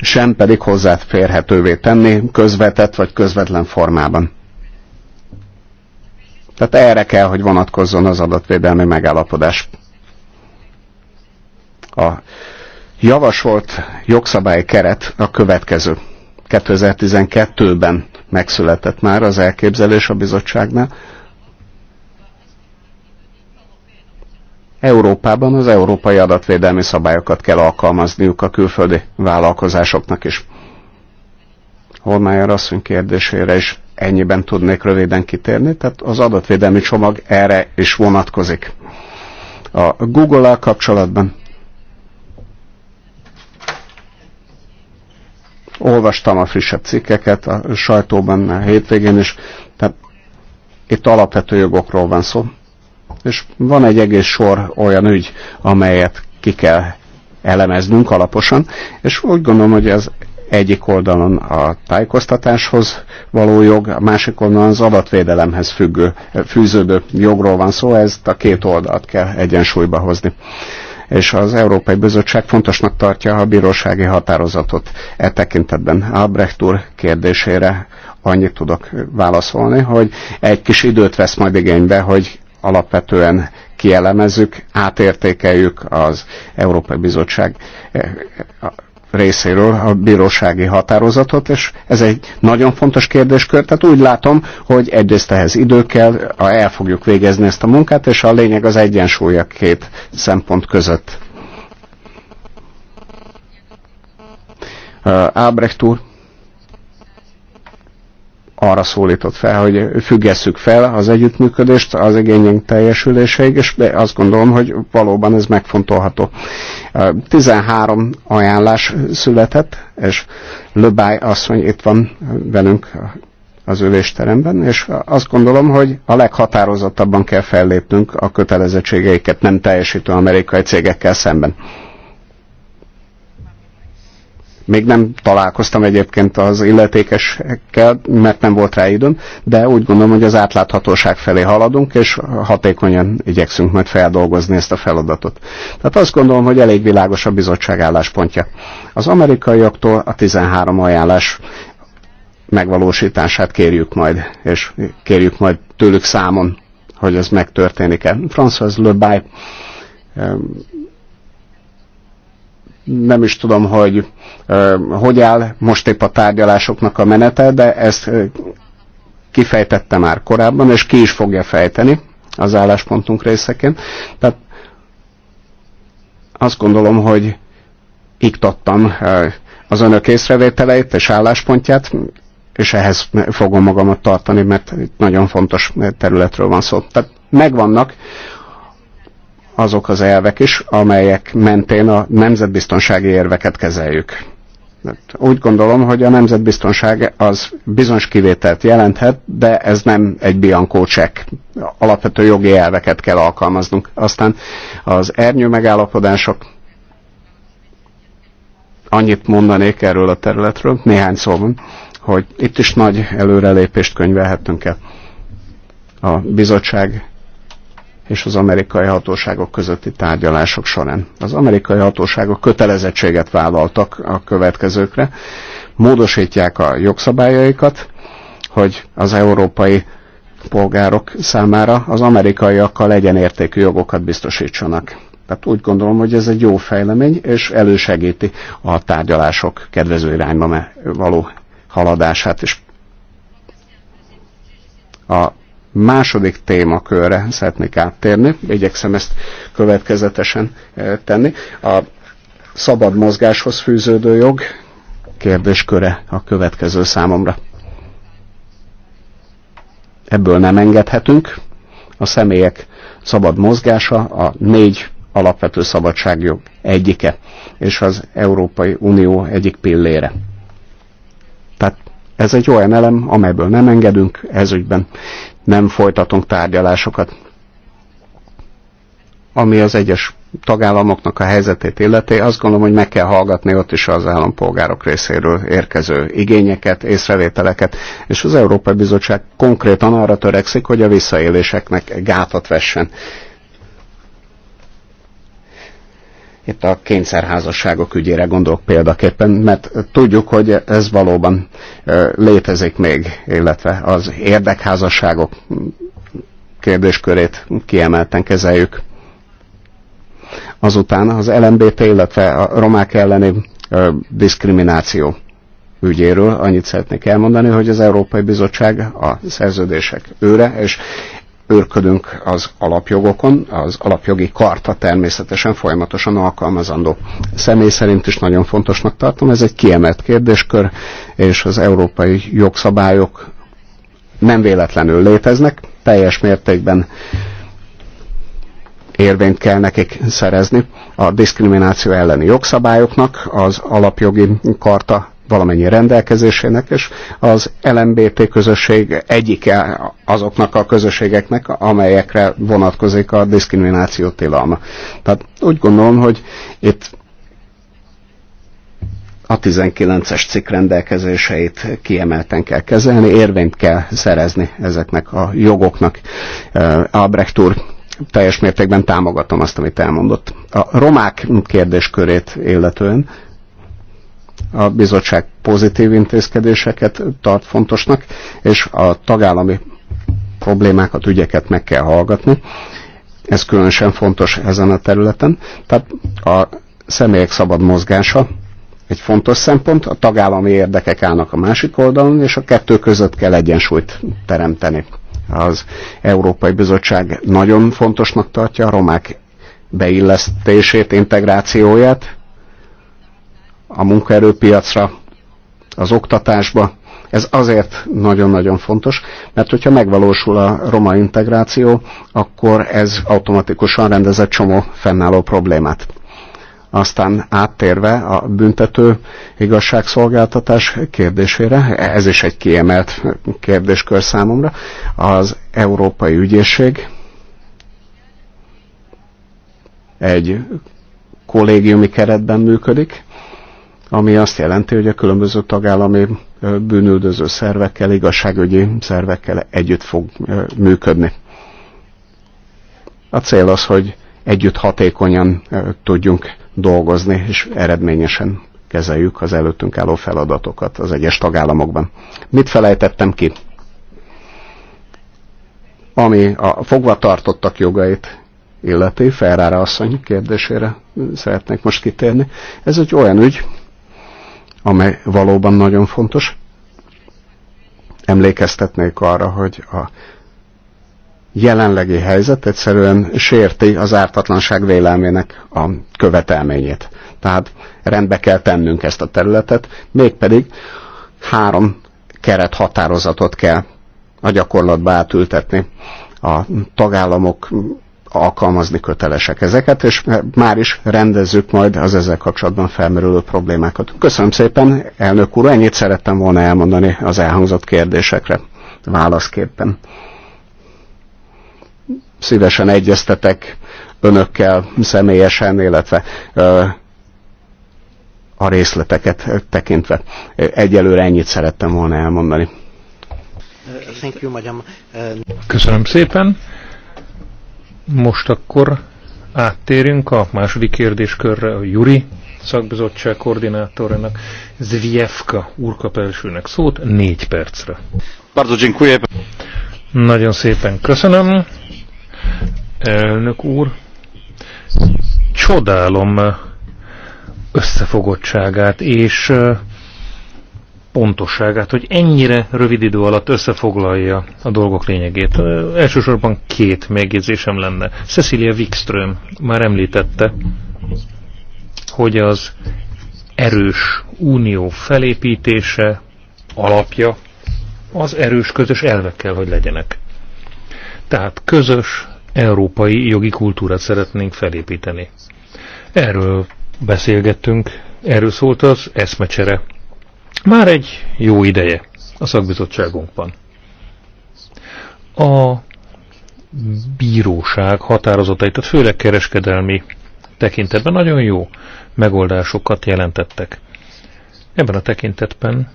sem pedig hozzáférhetővé tenni közvetett vagy közvetlen formában. Tehát erre kell, hogy vonatkozzon az adatvédelmi megállapodás. A javasolt jogszabályi keret a következő. 2012-ben megszületett már az elképzelés a bizottságnál, Európában az európai adatvédelmi szabályokat kell alkalmazniuk a külföldi vállalkozásoknak is. Holmájer asszony kérdésére is ennyiben tudnék röviden kitérni, tehát az adatvédelmi csomag erre is vonatkozik. A Google-al kapcsolatban olvastam a frissebb cikkeket a sajtóban a hétvégén is, tehát itt alapvető jogokról van szó. És van egy egész sor olyan ügy, amelyet ki kell elemeznünk alaposan, és úgy gondolom, hogy ez egyik oldalon a tájékoztatáshoz való jog, a másik oldalon az adatvédelemhez függő, fűződő jogról van szó, ezt a két oldalt kell egyensúlyba hozni. És az Európai Bizottság fontosnak tartja a bírósági határozatot e tekintetben. Albrecht úr kérdésére annyit tudok válaszolni, hogy egy kis időt vesz majd igénybe, hogy alapvetően kielemezzük, átértékeljük az Európai Bizottság eh, részéről a bírósági határozatot, és ez egy nagyon fontos kérdéskör, tehát úgy látom, hogy egyrészt ehhez idő kell, el fogjuk végezni ezt a munkát, és a lényeg az egyensúly a két szempont között. Ábrecht eh, úr arra szólított fel, hogy függesszük fel az együttműködést az igényünk teljesüléseig, és azt gondolom, hogy valóban ez megfontolható. 13 ajánlás született, és löbáj asszony itt van velünk az ülésteremben, és azt gondolom, hogy a leghatározottabban kell fellépnünk a kötelezettségeiket nem teljesítő amerikai cégekkel szemben. Még nem találkoztam egyébként az illetékesekkel, mert nem volt rá időm, de úgy gondolom, hogy az átláthatóság felé haladunk, és hatékonyan igyekszünk majd feldolgozni ezt a feladatot. Tehát azt gondolom, hogy elég világos a bizottság álláspontja. Az amerikaiaktól a 13 ajánlás megvalósítását kérjük majd, és kérjük majd tőlük számon, hogy ez megtörténik-e. François Le Bay nem is tudom, hogy hogy áll most épp a tárgyalásoknak a menete, de ezt kifejtette már korábban, és ki is fogja fejteni az álláspontunk részeként. Tehát azt gondolom, hogy iktattam az önök észrevételeit és álláspontját, és ehhez fogom magamat tartani, mert itt nagyon fontos területről van szó. Tehát megvannak azok az elvek is, amelyek mentén a nemzetbiztonsági érveket kezeljük. Hát úgy gondolom, hogy a nemzetbiztonság az bizonyos kivételt jelenthet, de ez nem egy biankó csekk. Alapvető jogi elveket kell alkalmaznunk. Aztán az ernyő megállapodások, annyit mondanék erről a területről, néhány szóban, hogy itt is nagy előrelépést könyvelhetünk el. A bizottság és az amerikai hatóságok közötti tárgyalások során. Az amerikai hatóságok kötelezettséget vállaltak a következőkre, módosítják a jogszabályaikat, hogy az európai polgárok számára az amerikaiakkal legyen értékű jogokat biztosítsanak. Tehát úgy gondolom, hogy ez egy jó fejlemény, és elősegíti a tárgyalások kedvező irányba való haladását is. A második témakörre szeretnék áttérni, igyekszem ezt következetesen eh, tenni. A szabad mozgáshoz fűződő jog kérdésköre a következő számomra. Ebből nem engedhetünk. A személyek szabad mozgása a négy alapvető szabadságjog egyike, és az Európai Unió egyik pillére. Tehát ez egy olyan elem, amelyből nem engedünk ezügyben, nem folytatunk tárgyalásokat. Ami az egyes tagállamoknak a helyzetét illeti, azt gondolom, hogy meg kell hallgatni ott is az állampolgárok részéről érkező igényeket, észrevételeket, és az Európai Bizottság konkrétan arra törekszik, hogy a visszaéléseknek gátat vessen. Itt a kényszerházasságok ügyére gondolok példaképpen, mert tudjuk, hogy ez valóban létezik még, illetve az érdekházasságok kérdéskörét kiemelten kezeljük. Azután az LMBT, illetve a romák elleni diszkrimináció ügyéről annyit szeretnék elmondani, hogy az Európai Bizottság a szerződések őre, és őrködünk az alapjogokon, az alapjogi karta természetesen folyamatosan alkalmazandó. Személy szerint is nagyon fontosnak tartom, ez egy kiemelt kérdéskör, és az európai jogszabályok nem véletlenül léteznek, teljes mértékben érvényt kell nekik szerezni a diszkrimináció elleni jogszabályoknak, az alapjogi karta valamennyi rendelkezésének, és az LMBT közösség egyike azoknak a közösségeknek, amelyekre vonatkozik a diszkrimináció tilalma. Tehát úgy gondolom, hogy itt a 19-es cikk rendelkezéseit kiemelten kell kezelni, érvényt kell szerezni ezeknek a jogoknak. Albrecht úr, teljes mértékben támogatom azt, amit elmondott. A romák kérdéskörét illetően a bizottság pozitív intézkedéseket tart fontosnak, és a tagállami problémákat, ügyeket meg kell hallgatni. Ez különösen fontos ezen a területen. Tehát a személyek szabad mozgása egy fontos szempont, a tagállami érdekek állnak a másik oldalon, és a kettő között kell egyensúlyt teremteni. Az Európai Bizottság nagyon fontosnak tartja a romák beillesztését, integrációját, a munkaerőpiacra, az oktatásba. Ez azért nagyon-nagyon fontos, mert hogyha megvalósul a roma integráció, akkor ez automatikusan rendez egy csomó fennálló problémát. Aztán áttérve a büntető igazságszolgáltatás kérdésére, ez is egy kiemelt kérdéskör számomra, az Európai Ügyészség egy kollégiumi keretben működik, ami azt jelenti, hogy a különböző tagállami bűnüldöző szervekkel, igazságügyi szervekkel együtt fog működni. A cél az, hogy együtt hatékonyan tudjunk dolgozni, és eredményesen kezeljük az előttünk álló feladatokat az egyes tagállamokban. Mit felejtettem ki? Ami a fogvatartottak jogait illeti, Ferrara asszony kérdésére szeretnék most kitérni. Ez egy olyan ügy, amely valóban nagyon fontos. Emlékeztetnék arra, hogy a jelenlegi helyzet egyszerűen sérti az ártatlanság vélelmének a követelményét. Tehát rendbe kell tennünk ezt a területet, mégpedig három keret határozatot kell a gyakorlatba átültetni. A tagállamok alkalmazni kötelesek ezeket, és már is rendezzük majd az ezzel kapcsolatban felmerülő problémákat. Köszönöm szépen, elnök úr, ennyit szerettem volna elmondani az elhangzott kérdésekre válaszképpen. Szívesen egyeztetek önökkel személyesen, illetve a részleteket tekintve. Egyelőre ennyit szerettem volna elmondani. Köszönöm szépen. Most akkor áttérünk a második kérdéskörre a Juri szakbizottság koordinátorának, Zvievka úrkapelsőnek szót négy percre. Bardzo dziękuję. Nagyon szépen köszönöm. Elnök úr, csodálom összefogottságát és pontosságát, hogy ennyire rövid idő alatt összefoglalja a dolgok lényegét. Elsősorban két megjegyzésem lenne. Cecilia Wikström már említette, hogy az erős unió felépítése alapja az erős közös elvekkel, hogy legyenek. Tehát közös európai jogi kultúrát szeretnénk felépíteni. Erről beszélgettünk, erről szólt az eszmecsere már egy jó ideje a szakbizottságunkban. A bíróság határozatait, tehát főleg kereskedelmi tekintetben nagyon jó megoldásokat jelentettek. Ebben a tekintetben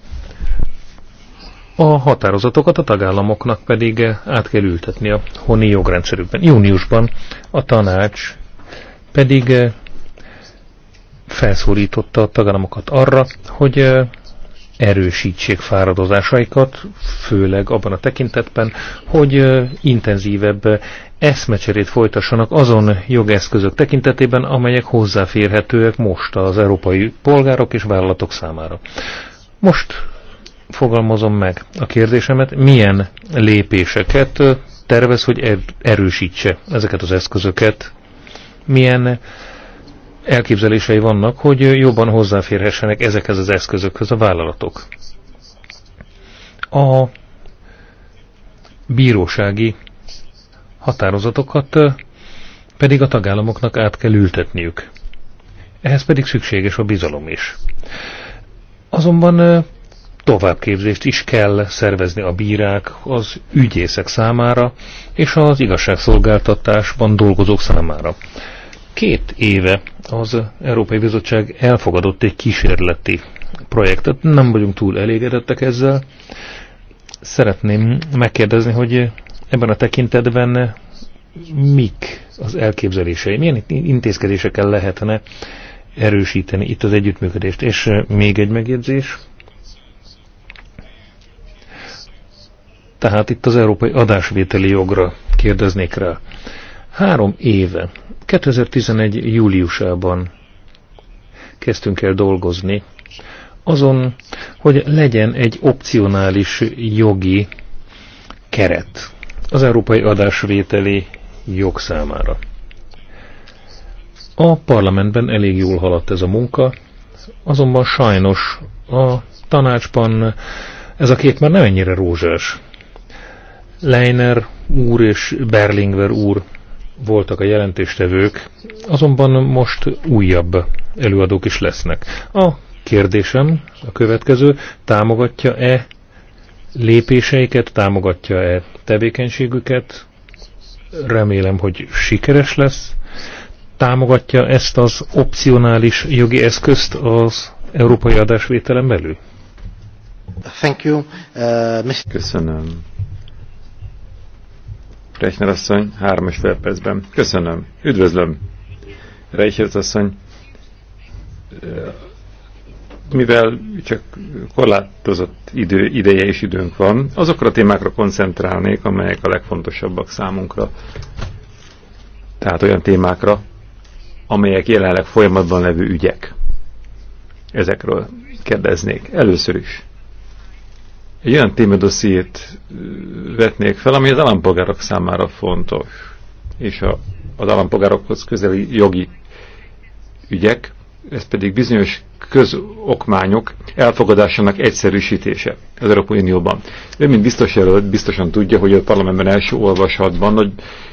a határozatokat a tagállamoknak pedig át kell ültetni a honi jogrendszerükben. Júniusban a tanács pedig eh, felszólította a tagállamokat arra, hogy eh, erősítsék fáradozásaikat, főleg abban a tekintetben, hogy intenzívebb eszmecserét folytassanak azon jogeszközök tekintetében, amelyek hozzáférhetőek most az európai polgárok és vállalatok számára. Most fogalmazom meg a kérdésemet, milyen lépéseket tervez, hogy er-, erősítse ezeket az eszközöket, milyen elképzelései vannak, hogy jobban hozzáférhessenek ezekhez az eszközökhöz a vállalatok. A bírósági határozatokat pedig a tagállamoknak át kell ültetniük. Ehhez pedig szükséges a bizalom is. Azonban továbbképzést is kell szervezni a bírák, az ügyészek számára és az igazságszolgáltatásban dolgozók számára. Két éve az Európai Bizottság elfogadott egy kísérleti projektet, nem vagyunk túl elégedettek ezzel. Szeretném megkérdezni, hogy ebben a tekintetben mik az elképzelései, milyen intézkedésekkel lehetne erősíteni itt az együttműködést. És még egy megjegyzés. Tehát itt az európai adásvételi jogra kérdeznék rá. Három éve, 2011. júliusában kezdtünk el dolgozni azon, hogy legyen egy opcionális jogi keret az európai adásvételi jog számára. A parlamentben elég jól haladt ez a munka, azonban sajnos a tanácsban ez a kép már nem ennyire rózsás. Leiner úr és Berlingver úr voltak a jelentéstevők, azonban most újabb előadók is lesznek. A kérdésem a következő, támogatja-e lépéseiket, támogatja-e tevékenységüket, remélem, hogy sikeres lesz, támogatja ezt az opcionális jogi eszközt az európai adásvételen belül? Thank you. Uh, Köszönöm. Kechner asszony, három és fél percben. Köszönöm. Üdvözlöm. Reichert asszony, mivel csak korlátozott idő, ideje és időnk van, azokra a témákra koncentrálnék, amelyek a legfontosabbak számunkra. Tehát olyan témákra, amelyek jelenleg folyamatban levő ügyek. Ezekről kérdeznék. Először is egy olyan témadossziét vetnék fel, ami az állampolgárok számára fontos, és a, az állampolgárokhoz közeli jogi ügyek, ez pedig bizonyos közokmányok elfogadásának egyszerűsítése az Európai Unióban. Ő, mint biztos jelölt, biztosan tudja, hogy a parlamentben első olvasatban nagy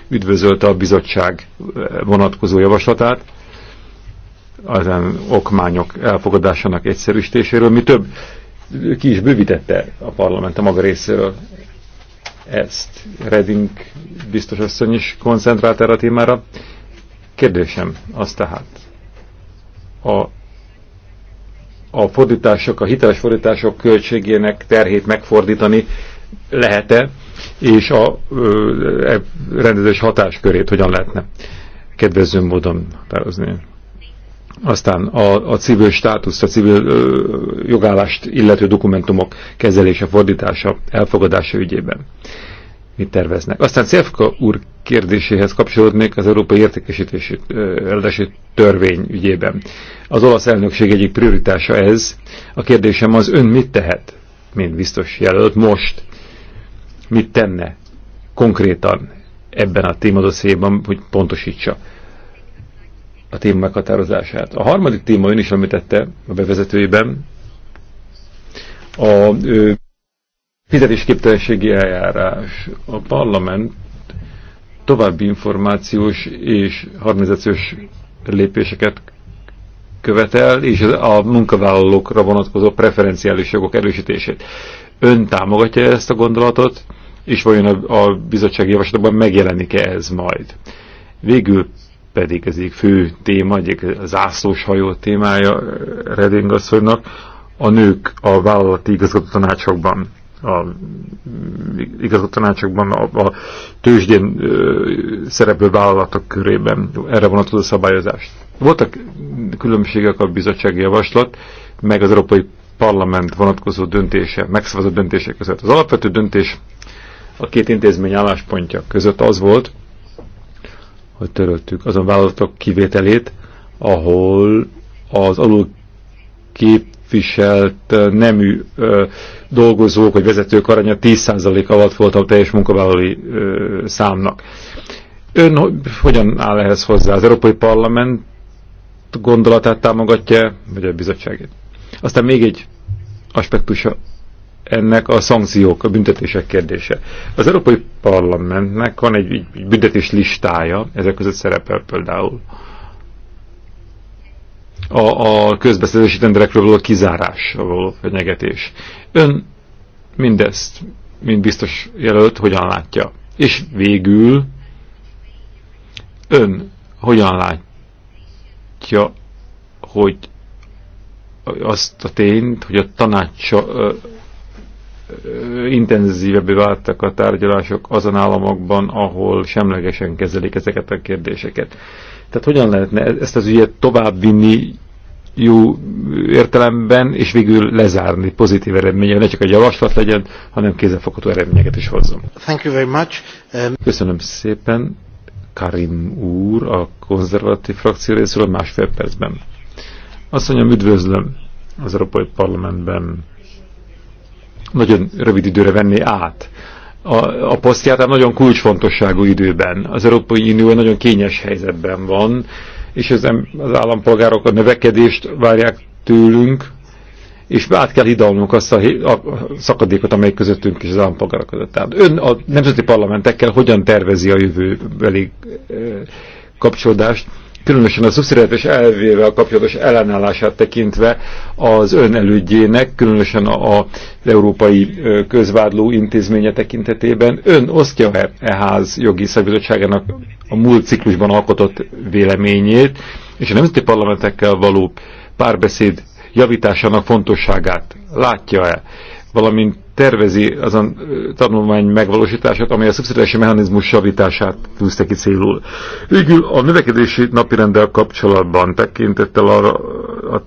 üdvözölte a bizottság vonatkozó javaslatát, az okmányok elfogadásának egyszerűsítéséről. Mi több ki is bővítette a parlament a maga részéről ezt. Reding biztos asszony is koncentrált erre a témára. Kérdésem az tehát, a, a fordítások, a hiteles fordítások költségének terhét megfordítani lehet-e, és a ö, e, rendezés hatáskörét hogyan lehetne kedvező módon határozni? Aztán a, a civil státuszt, a civil ö, jogállást illető dokumentumok kezelése, fordítása, elfogadása ügyében mit terveznek. Aztán Cefka úr kérdéséhez kapcsolódnék az európai értékesítési eldesi törvény ügyében. Az olasz elnökség egyik prioritása ez. A kérdésem az, ön mit tehet, mint biztos jelölt most? Mit tenne konkrétan ebben a témadosszéban, hogy pontosítsa a téma meghatározását. A harmadik téma ön is említette a bevezetőjében, a ö, fizetésképtelenségi eljárás. A parlament további információs és harmonizációs lépéseket követel, és a munkavállalókra vonatkozó preferenciális jogok erősítését. Ön támogatja ezt a gondolatot, és vajon a, a bizottság javaslatban megjelenik-e ez majd? Végül pedig ez egyik fő téma, egyik zászlós hajó témája Reding asszonynak, a nők a vállalati igazgató tanácsokban a igazgató tanácsokban, a, a tőzsdén szereplő vállalatok körében erre vonatkozó szabályozást. Voltak különbségek a bizottsági javaslat, meg az Európai Parlament vonatkozó döntése, megszavazott döntések között. Az alapvető döntés a két intézmény álláspontja között az volt, hogy töröltük azon vállalatok kivételét, ahol az alul képviselt nemű ö, dolgozók vagy vezetők aránya 10% alatt volt a teljes munkavállalói ö, számnak. Ön hogyan áll ehhez hozzá? Az Európai Parlament gondolatát támogatja, vagy a bizottságét? Aztán még egy aspektusa ennek a szankciók, a büntetések kérdése. Az Európai Parlamentnek van egy, egy büntetés listája, ezek között szerepel például a, a közbeszerzési tenderekről való kizárás, való fenyegetés. Ön mindezt, mint biztos jelölt, hogyan látja? És végül ön hogyan látja, hogy azt a tényt, hogy a tanács intenzívebbé váltak a tárgyalások azon államokban, ahol semlegesen kezelik ezeket a kérdéseket. Tehát hogyan lehetne ezt az ügyet továbbvinni jó értelemben, és végül lezárni pozitív eredménye, ne csak egy javaslat legyen, hanem kézzelfogható eredményeket is hozzon. Thank you very much. Um... Köszönöm szépen. Karim úr, a konzervatív frakció részéről másfél percben. Azt mondjam, üdvözlöm az Európai Parlamentben nagyon rövid időre venni át a, a posztját, tehát nagyon kulcsfontosságú időben. Az Európai Unió nagyon kényes helyzetben van, és az, az állampolgárok a növekedést várják tőlünk, és át kell hidalnunk azt a, a szakadékot, amely közöttünk és az állampolgárok között. Tehát ön a nemzeti parlamentekkel hogyan tervezi a jövőbeli kapcsolódást, különösen a szubszidiaritás elvével kapcsolatos ellenállását tekintve az önelődjének, különösen az Európai Közvádló Intézménye tekintetében. Ön osztja-e e ház jogi szakbizottságának a múlt ciklusban alkotott véleményét, és a nemzeti parlamentekkel való párbeszéd javításának fontosságát látja-e, valamint tervezi azon tanulmány megvalósítását, amely a szubszidiási mechanizmus javítását tűzte ki célul. Végül a növekedési napirenddel kapcsolatban tekintettel arra a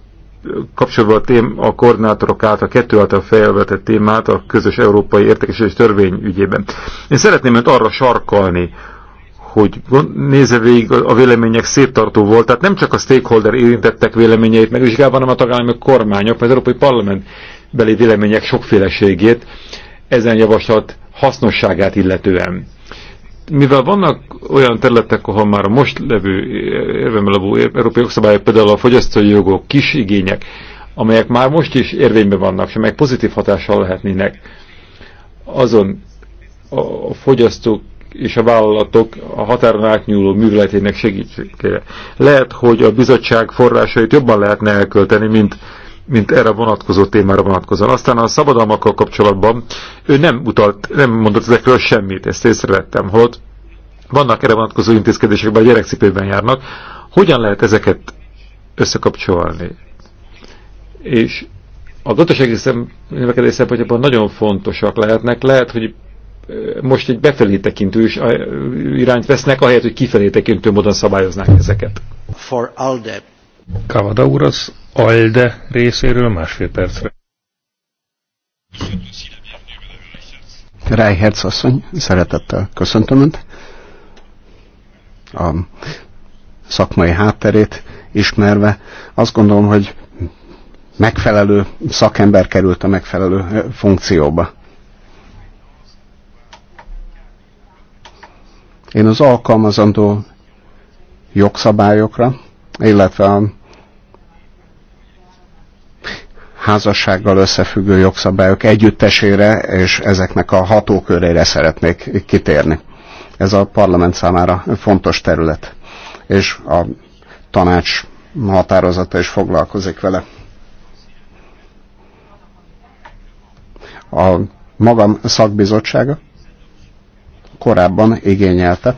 kapcsolatban a, tém, a koordinátorok által kettő által felvetett témát a közös európai értékesítés törvény ügyében. Én szeretném önt arra sarkalni, hogy nézze végig a vélemények széttartó volt, tehát nem csak a stakeholder érintettek véleményeit megvizsgálva, hanem a tagállami kormányok, vagy az Európai Parlament beli vélemények sokféleségét ezen javaslat hasznosságát illetően. Mivel vannak olyan területek, ahol már a most levő érvényelevő európai jogszabályok, például a fogyasztói jogok, kis igények, amelyek már most is érvényben vannak, és amelyek pozitív hatással lehetnének, azon a fogyasztók és a vállalatok a határon átnyúló műveletének segítségére. Lehet, hogy a bizottság forrásait jobban lehetne elkölteni, mint mint erre vonatkozó témára vonatkozóan. Aztán a szabadalmakkal kapcsolatban ő nem utalt, nem mondott ezekről semmit, ezt észrevettem, holott vannak erre vonatkozó intézkedések, a gyerekcipőben járnak. Hogyan lehet ezeket összekapcsolni? És a gazdasági növekedés szempontjából nagyon fontosak lehetnek. Lehet, hogy most egy befelé tekintő irányt vesznek, ahelyett, hogy kifelé tekintő módon szabályoznák ezeket. For Alde. Kavada úr az ALDE részéről másfél percre. Reichertz asszony, szeretettel köszöntöm Önt. A szakmai hátterét ismerve azt gondolom, hogy megfelelő szakember került a megfelelő eh, funkcióba. Én az alkalmazandó jogszabályokra illetve a házassággal összefüggő jogszabályok együttesére és ezeknek a hatókörére szeretnék kitérni. Ez a parlament számára fontos terület, és a tanács határozata is foglalkozik vele. A magam szakbizottsága korábban igényelte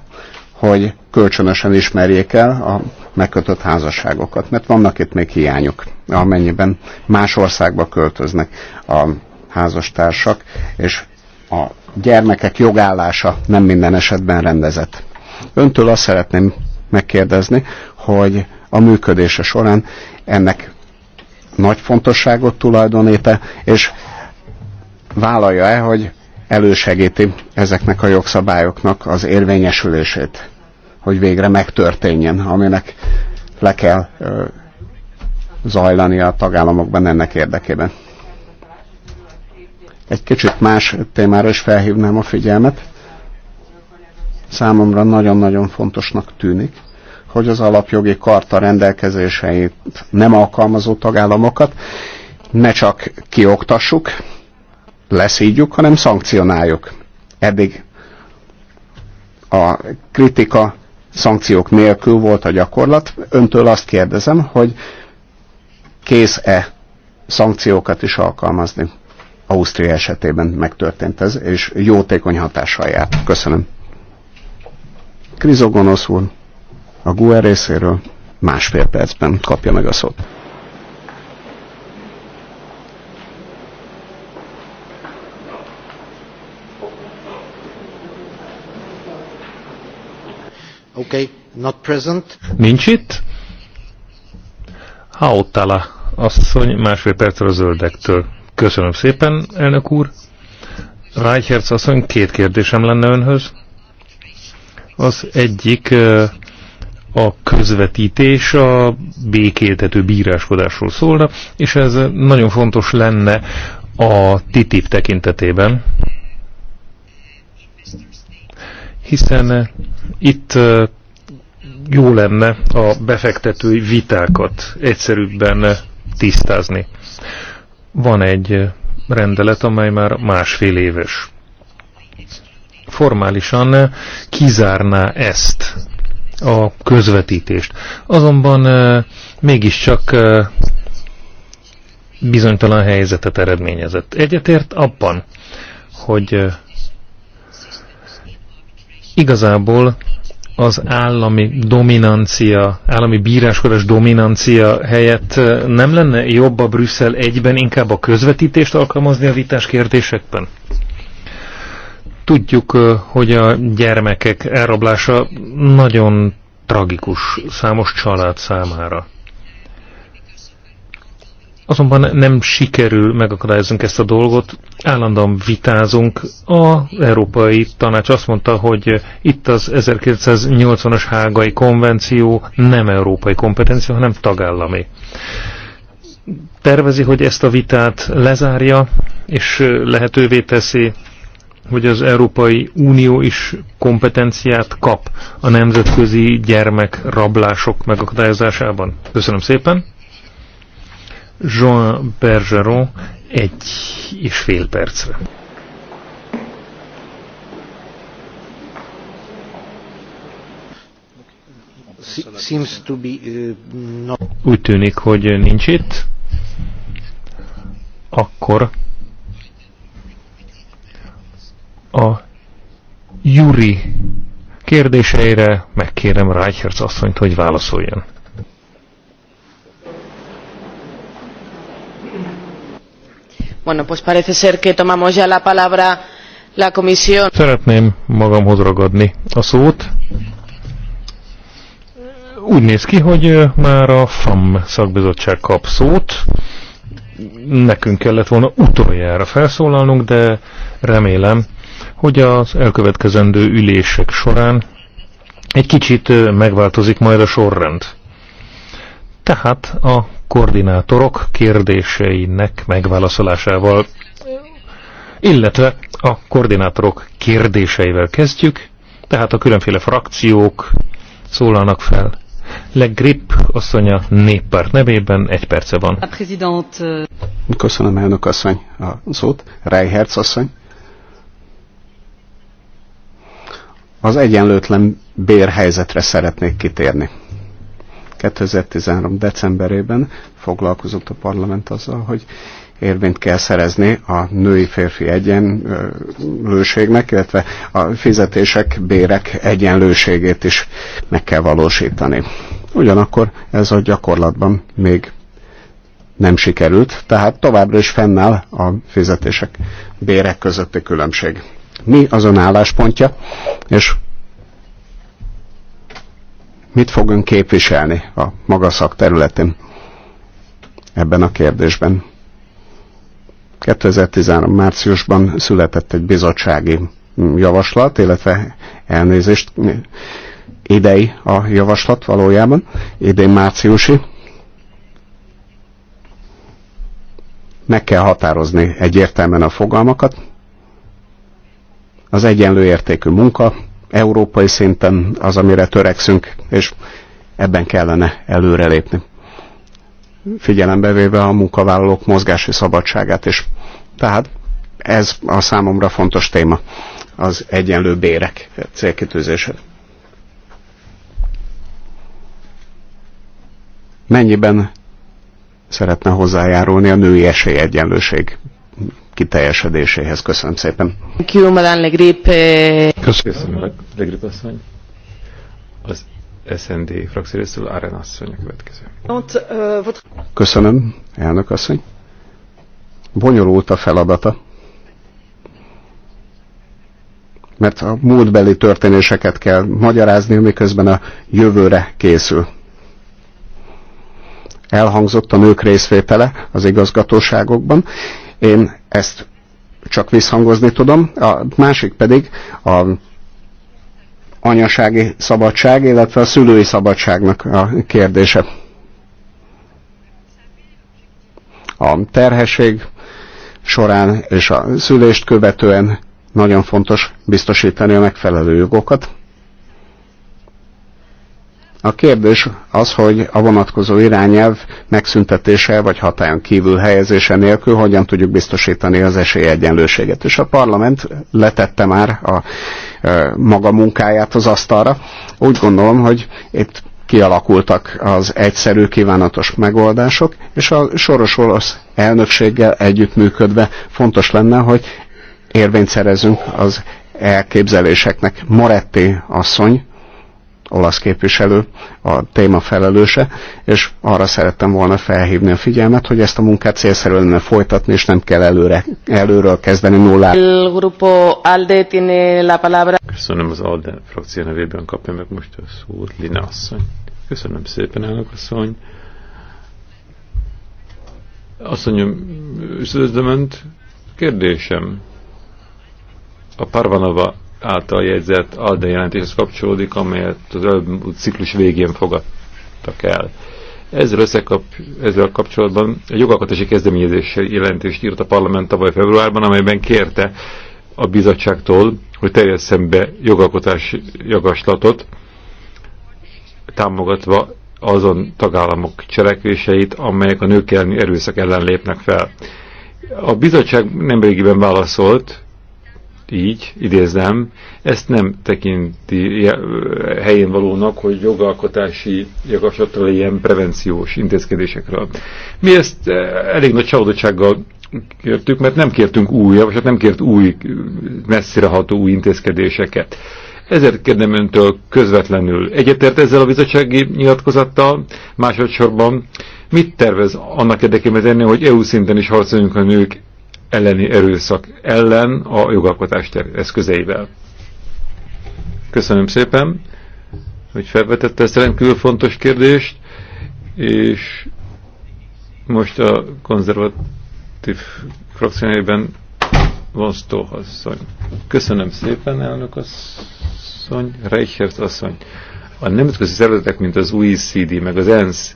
hogy kölcsönösen ismerjék el a megkötött házasságokat, mert vannak itt még hiányok, amennyiben más országba költöznek a házastársak, és a gyermekek jogállása nem minden esetben rendezett. Öntől azt szeretném megkérdezni, hogy a működése során ennek nagy fontosságot tulajdonít és vállalja-e, hogy elősegíti ezeknek a jogszabályoknak az érvényesülését, hogy végre megtörténjen, aminek le kell zajlani a tagállamokban ennek érdekében. Egy kicsit más témára is felhívnám a figyelmet. Számomra nagyon-nagyon fontosnak tűnik, hogy az alapjogi karta rendelkezéseit nem alkalmazó tagállamokat ne csak kioktassuk, leszídjuk, hanem szankcionáljuk. Eddig a kritika szankciók nélkül volt a gyakorlat. Öntől azt kérdezem, hogy kész-e szankciókat is alkalmazni? Ausztria esetében megtörtént ez, és jótékony hatással járt. Köszönöm. Krizogonosz úr, a GUE részéről másfél percben kapja meg a szót. Okay, not present. Nincs itt? Hautala asszony másfél percre a zöldektől. Köszönöm szépen, elnök úr. Reichertz asszony, két kérdésem lenne önhöz. Az egyik eh, a közvetítés a békéltető bíráskodásról szólna, és ez nagyon fontos lenne a TTIP tekintetében, hiszen eh, itt eh, jó lenne a befektetői vitákat egyszerűbben eh, tisztázni. Van egy rendelet, amely már másfél éves. Formálisan kizárná ezt a közvetítést. Azonban mégiscsak bizonytalan helyzetet eredményezett. Egyetért abban, hogy Igazából az állami dominancia, állami bíráskodás dominancia helyett nem lenne jobb a Brüsszel egyben inkább a közvetítést alkalmazni a vitás kérdésekben? Tudjuk, hogy a gyermekek elrablása nagyon tragikus számos család számára. Azonban nem sikerül megakadályozunk ezt a dolgot, állandóan vitázunk. A Európai Tanács azt mondta, hogy itt az 1980-as hágai konvenció nem európai kompetencia, hanem tagállami. Tervezi, hogy ezt a vitát lezárja, és lehetővé teszi, hogy az Európai Unió is kompetenciát kap a nemzetközi gyermekrablások megakadályozásában. Köszönöm szépen! Jean Bergeron egy és fél percre. Seems to be, uh, not... Úgy tűnik, hogy nincs itt. Akkor a Juri kérdéseire megkérem Reichertz asszonyt, hogy válaszoljon. Bueno, pues parece ser que tomamos ya la palabra la comisión. Szeretném magamhoz ragadni a szót. Úgy néz ki, hogy már a FAM szakbizottság kap szót. Nekünk kellett volna utoljára felszólalnunk, de remélem, hogy az elkövetkezendő ülések során egy kicsit megváltozik majd a sorrend. Tehát a koordinátorok kérdéseinek megválaszolásával, illetve a koordinátorok kérdéseivel kezdjük, tehát a különféle frakciók szólalnak fel. Le Grip asszonya néppárt nevében egy perce van. A prezident... Köszönöm, elnök asszony a szót. Reihertz asszony. Az egyenlőtlen bérhelyzetre szeretnék kitérni 2013. decemberében foglalkozott a parlament azzal, hogy érvényt kell szerezni a női-férfi egyenlőségnek, illetve a fizetések, bérek egyenlőségét is meg kell valósítani. Ugyanakkor ez a gyakorlatban még nem sikerült, tehát továbbra is fennáll a fizetések, bérek közötti különbség. Mi azon álláspontja, és mit fog ön képviselni a maga szakterületén ebben a kérdésben? 2013 márciusban született egy bizottsági javaslat, illetve elnézést idei a javaslat valójában, idén márciusi. Meg kell határozni egyértelműen a fogalmakat. Az egyenlő értékű munka, európai szinten az, amire törekszünk, és ebben kellene előrelépni. Figyelembe véve a munkavállalók mozgási szabadságát is. Tehát ez a számomra fontos téma, az egyenlő bérek célkitűzése. Mennyiben szeretne hozzájárulni a női esélyegyenlőség kiteljesedéséhez. Köszönöm szépen. Eh. Köszönöm, Madame Legrip. Köszönöm, Legrip asszony. Az SND frakció részéről Aren asszony a következő. Eh, Köszönöm, elnök asszony. Bonyolult a feladata. Mert a múltbeli történéseket kell magyarázni, miközben a jövőre készül elhangzott a nők részvétele az igazgatóságokban. Én ezt csak visszhangozni tudom. A másik pedig a anyasági szabadság, illetve a szülői szabadságnak a kérdése. A terhesség során és a szülést követően nagyon fontos biztosítani a megfelelő jogokat, a kérdés az, hogy a vonatkozó irányelv megszüntetése vagy hatályon kívül helyezése nélkül hogyan tudjuk biztosítani az esélyegyenlőséget. És a parlament letette már a e, maga munkáját az asztalra. Úgy gondolom, hogy itt kialakultak az egyszerű, kívánatos megoldások, és a soros orosz elnökséggel együttműködve fontos lenne, hogy érvényt szerezünk az elképzeléseknek. Moretti asszony olasz képviselő, a téma felelőse, és arra szerettem volna felhívni a figyelmet, hogy ezt a munkát célszerű lenne folytatni, és nem kell előre, előről kezdeni nullát. El grupo ALDE tiene la palabra. Köszönöm az ALDE frakció nevében kapja meg most a szót, Lina asszony. Köszönöm szépen, elnök asszony. Asszonyom, üdvözlöm kérdésem. A Parvanova által jegyzett ALDE jelentéshez kapcsolódik, amelyet az előbb ciklus végén fogadtak el. Ezzel, összekap, ezzel kapcsolatban egy jogalkotási kezdeményezéssel jelentést írt a parlament tavaly februárban, amelyben kérte a bizottságtól, hogy terjesszen be jogalkotási javaslatot, támogatva azon tagállamok cselekvéseit, amelyek a nők elleni erőszak ellen lépnek fel. A bizottság nemrégiben válaszolt, így, idézem, ezt nem tekinti helyén valónak, hogy jogalkotási javaslatra ilyen prevenciós intézkedésekről. Mi ezt eh, elég nagy csalódottsággal kértük, mert nem kértünk új javaslat, nem kért új, messzire új intézkedéseket. Ezért kérdem öntől közvetlenül. Egyetért ezzel a bizottsági nyilatkozattal, másodszorban mit tervez annak érdekében tenni, hogy EU szinten is harcoljunk a nők elleni erőszak ellen a jogalkotás eszközeivel. Köszönöm szépen, hogy felvetette ezt rendkívül fontos kérdést, és most a konzervatív frakciójában van asszony. Köszönöm szépen, elnök asszony, Reichert asszony. A nemzetközi szervezetek, mint az OECD, meg az ENSZ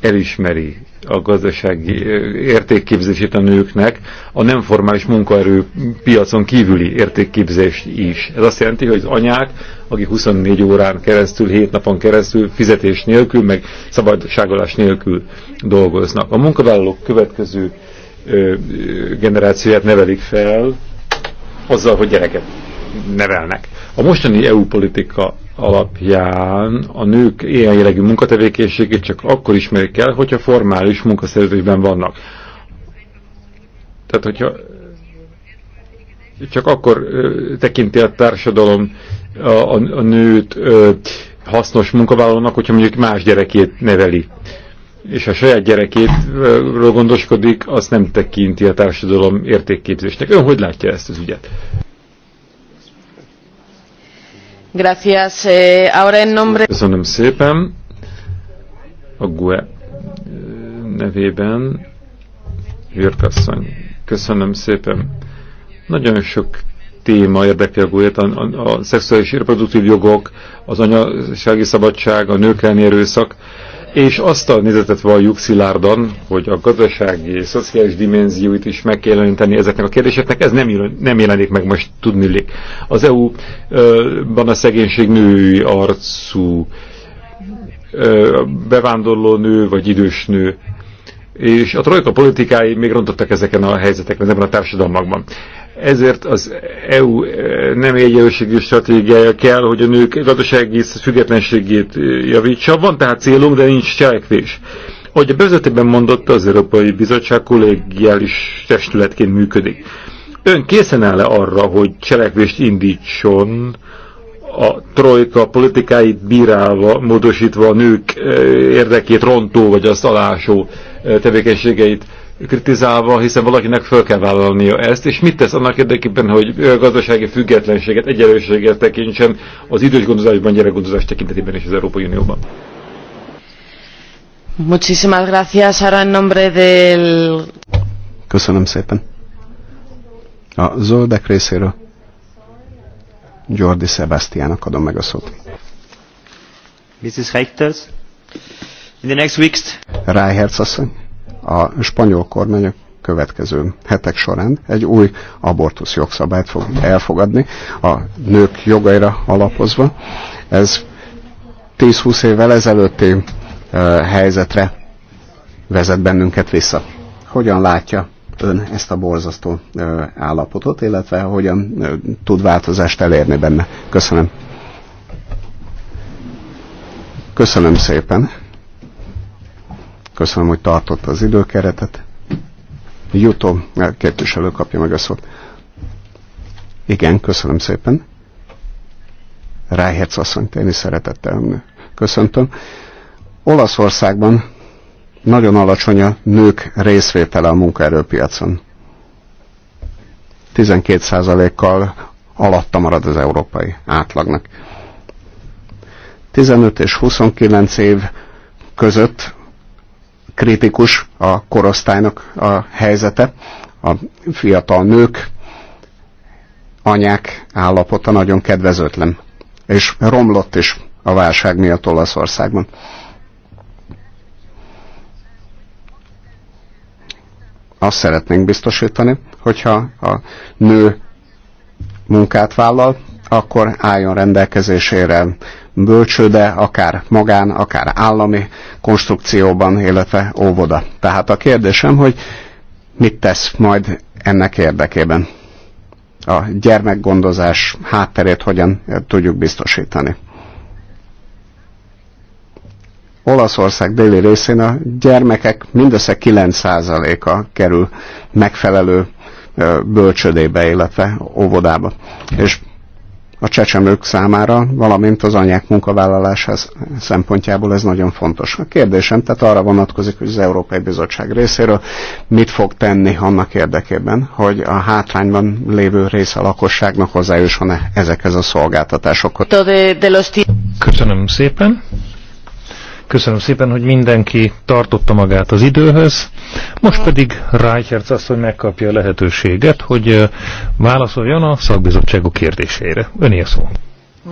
elismeri a gazdasági értékképzését a nőknek, a nem formális munkaerő piacon kívüli értékképzést is. Ez azt jelenti, hogy az anyák, akik 24 órán keresztül, 7 napon keresztül fizetés nélkül, meg szabadságolás nélkül dolgoznak. A munkavállalók következő generációját nevelik fel azzal, hogy gyereket nevelnek. A mostani EU politika alapján a nők ilyen jellegű munkatevékenységét csak akkor ismerik el, hogyha formális munkaszerzésben vannak. Tehát, hogyha csak akkor tekinti a társadalom a, a, a nőt ö, hasznos munkavállalónak, hogyha mondjuk más gyerekét neveli. És a saját gyerekétről gondoskodik, azt nem tekinti a társadalom értékképzésnek. Ön hogy látja ezt az ügyet? Gracias. Eh, ahora en nombre... Köszönöm szépen. A GUE eh, nevében Jörgasszony. Köszönöm szépen. Nagyon sok téma érdekel gue a, a, a szexuális reproduktív jogok, az anyasági szabadság, a nők elleni erőszak és azt a nézetet valljuk szilárdan, hogy a gazdasági és szociális dimenzióit is meg kell jelenteni ezeknek a kérdéseknek, ez nem, nem jelenik meg most tudnilik. Az EU-ban a szegénység női arcú, bevándorló nő vagy idős nő, és a trojka politikái még rontottak ezeken a helyzetekben, ezekben a társadalmakban. Ezért az EU e, nem egyenlőségű stratégiája kell, hogy a nők gazdasági függetlenségét e, javítsa. Van tehát célunk, de nincs cselekvés. Ahogy a bevezetőben mondotta, az Európai Bizottság kollégiális testületként működik. Ön készen áll-e arra, hogy cselekvést indítson a trojka politikáit bírálva, módosítva a nők e, érdekét rontó vagy azt alásó tevékenységeit kritizálva, hiszen valakinek föl kell vállalnia ezt, és mit tesz annak érdekében, hogy gazdasági függetlenséget, egyenlőséget tekintsen az idős gondozásban, gyerekgondozás tekintetében és az Európai Unióban? Muchísimas gracias, ahora en nombre del... Köszönöm szépen. A zöldek részéről Jordi Sebastiának adom meg a szót. Mrs. Reichters, in the next weeks... Reihertz asszony a spanyol kormány a következő hetek során egy új abortusz jogszabályt fog elfogadni, a nők jogaira alapozva. Ez 10-20 évvel ezelőtti helyzetre vezet bennünket vissza. Hogyan látja ön ezt a borzasztó állapotot, illetve hogyan tud változást elérni benne? Köszönöm. Köszönöm szépen. Köszönöm, hogy tartott az időkeretet. Jutó képviselő kapja meg a szót. Igen, köszönöm szépen. Rájhetsz asszonyt, én szeretettel köszöntöm. Olaszországban nagyon alacsony a nők részvétele a munkaerőpiacon. 12%-kal alatta marad az európai átlagnak. 15 és 29 év között kritikus a korosztálynak a helyzete, a fiatal nők, anyák állapota nagyon kedvezőtlen, és romlott is a válság miatt Olaszországban. Azt szeretnénk biztosítani, hogyha a nő munkát vállal, akkor álljon rendelkezésére bölcsőde, akár magán, akár állami konstrukcióban, illetve óvoda. Tehát a kérdésem, hogy mit tesz majd ennek érdekében? A gyermekgondozás hátterét hogyan tudjuk biztosítani? Olaszország déli részén a gyermekek mindössze 9%-a kerül megfelelő bölcsödébe, illetve óvodába. És a csecsemők számára, valamint az anyák munkavállalásához szempontjából ez nagyon fontos. A kérdésem tehát arra vonatkozik, hogy az Európai Bizottság részéről mit fog tenni annak érdekében, hogy a hátrányban lévő része a lakosságnak hozzájusson -e ezekhez a szolgáltatásokhoz. Köszönöm szépen. Köszönöm szépen, hogy mindenki tartotta magát az időhöz. Most pedig Reichertz azt, hogy megkapja a lehetőséget, hogy válaszoljon a szakbizottságok kérdésére. Öné a szó.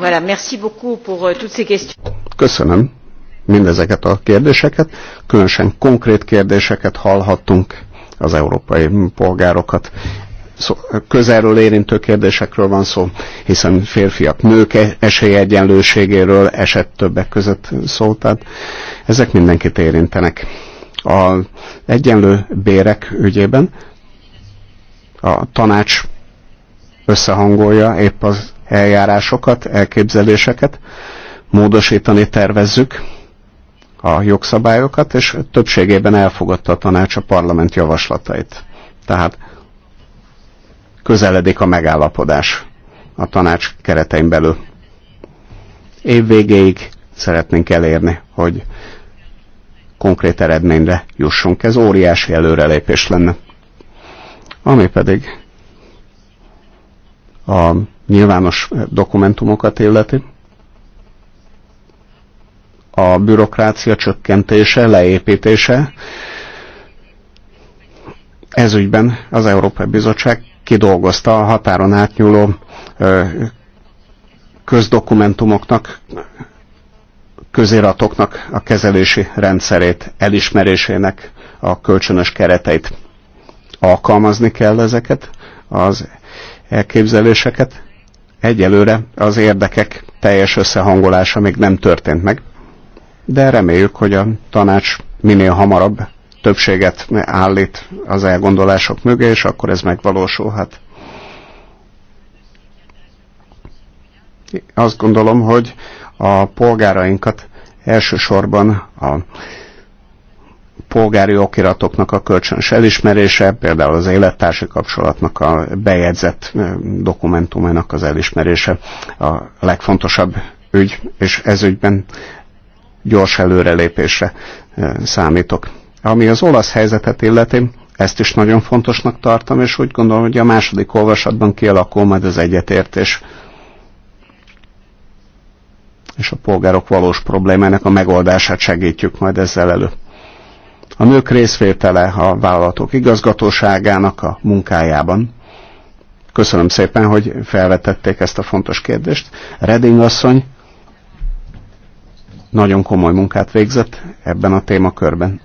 Voilà, merci beaucoup pour euh, toutes ces questions. Köszönöm mindezeket a kérdéseket. Különösen konkrét kérdéseket hallhattunk az európai polgárokat közelről érintő kérdésekről van szó, hiszen férfiak, nők e-, esélyegyenlőségéről esett többek között szó, tehát ezek mindenkit érintenek. A egyenlő bérek ügyében a tanács összehangolja épp az eljárásokat, elképzeléseket, módosítani tervezzük a jogszabályokat, és többségében elfogadta a tanács a parlament javaslatait. Tehát közeledik a megállapodás a tanács keretein belül. Év végéig szeretnénk elérni, hogy konkrét eredményre jussunk. Ez óriási előrelépés lenne. Ami pedig a nyilvános dokumentumokat illeti, a bürokrácia csökkentése, leépítése, ezügyben az Európai Bizottság kidolgozta a határon átnyúló közdokumentumoknak, közératoknak a kezelési rendszerét, elismerésének a kölcsönös kereteit. Alkalmazni kell ezeket az elképzeléseket. Egyelőre az érdekek teljes összehangolása még nem történt meg, de reméljük, hogy a tanács minél hamarabb többséget állít az elgondolások mögé, és akkor ez megvalósulhat. Azt gondolom, hogy a polgárainkat elsősorban a polgári okiratoknak a kölcsönös elismerése, például az élettársi kapcsolatnak a bejegyzett dokumentumának az elismerése a legfontosabb ügy, és ez ügyben gyors előrelépésre számítok. Ami az olasz helyzetet illeti, ezt is nagyon fontosnak tartom, és úgy gondolom, hogy a második olvasatban kialakul majd az egyetértés és a polgárok valós problémának a megoldását segítjük majd ezzel elő. A nők részvétele a vállalatok igazgatóságának a munkájában. Köszönöm szépen, hogy felvetették ezt a fontos kérdést. Reding asszony nagyon komoly munkát végzett ebben a témakörben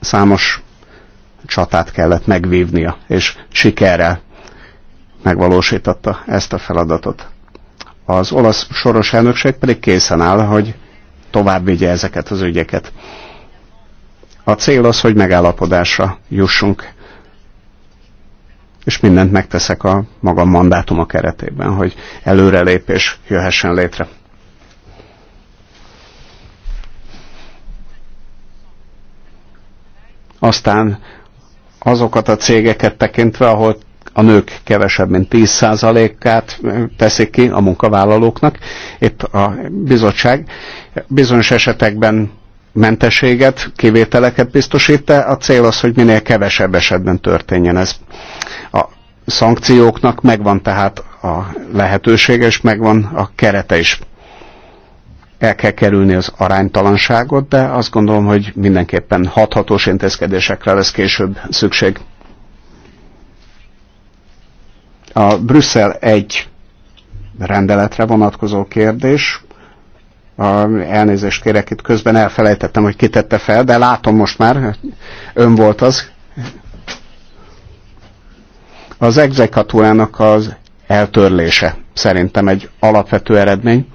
számos csatát kellett megvívnia, és sikerrel megvalósította ezt a feladatot. Az olasz soros elnökség pedig készen áll, hogy tovább vigye ezeket az ügyeket. A cél az, hogy megállapodásra jussunk, és mindent megteszek a magam mandátuma keretében, hogy előrelépés jöhessen létre. Aztán azokat a cégeket tekintve, ahol a nők kevesebb, mint 10%-át teszik ki a munkavállalóknak. Itt a bizottság bizonyos esetekben mentességet, kivételeket biztosít, de a cél az, hogy minél kevesebb esetben történjen ez. A szankcióknak megvan tehát a lehetőséges megvan a kerete is el kell kerülni az aránytalanságot, de azt gondolom, hogy mindenképpen hathatós intézkedésekre lesz később szükség. A Brüsszel egy rendeletre vonatkozó kérdés. A elnézést kérek, itt közben elfelejtettem, hogy kitette fel, de látom most már, ön volt az. Az exekatúrának az eltörlése szerintem egy alapvető eredmény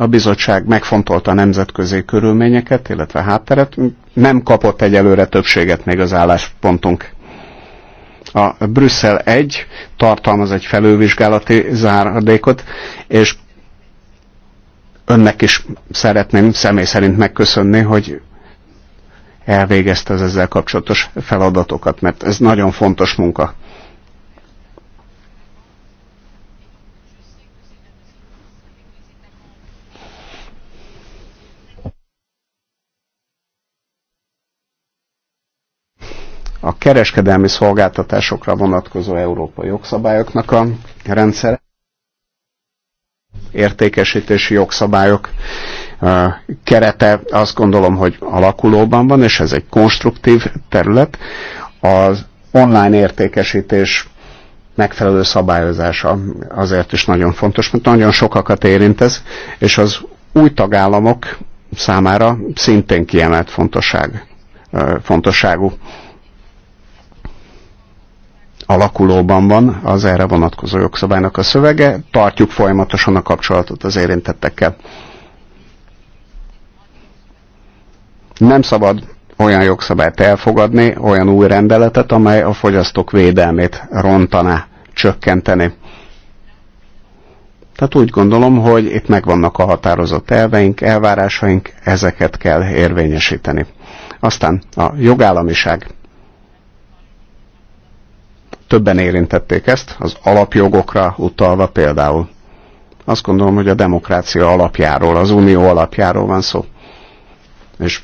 a bizottság megfontolta a nemzetközi körülményeket, illetve hátteret, nem kapott egyelőre többséget még az álláspontunk. A Brüsszel 1 tartalmaz egy felővizsgálati záradékot, és önnek is szeretném személy szerint megköszönni, hogy elvégezte az ezzel kapcsolatos feladatokat, mert ez nagyon fontos munka. a kereskedelmi szolgáltatásokra vonatkozó európai jogszabályoknak a rendszere, értékesítési jogszabályok kerete azt gondolom, hogy alakulóban van, és ez egy konstruktív terület. Az online értékesítés megfelelő szabályozása azért is nagyon fontos, mert nagyon sokakat érint ez, és az új tagállamok számára szintén kiemelt fontosság, fontosságú alakulóban van az erre vonatkozó jogszabálynak a szövege, tartjuk folyamatosan a kapcsolatot az érintettekkel. Nem szabad olyan jogszabályt elfogadni, olyan új rendeletet, amely a fogyasztók védelmét rontaná, csökkenteni. Tehát úgy gondolom, hogy itt megvannak a határozott elveink, elvárásaink, ezeket kell érvényesíteni. Aztán a jogállamiság Többen érintették ezt, az alapjogokra utalva például. Azt gondolom, hogy a demokrácia alapjáról, az unió alapjáról van szó. És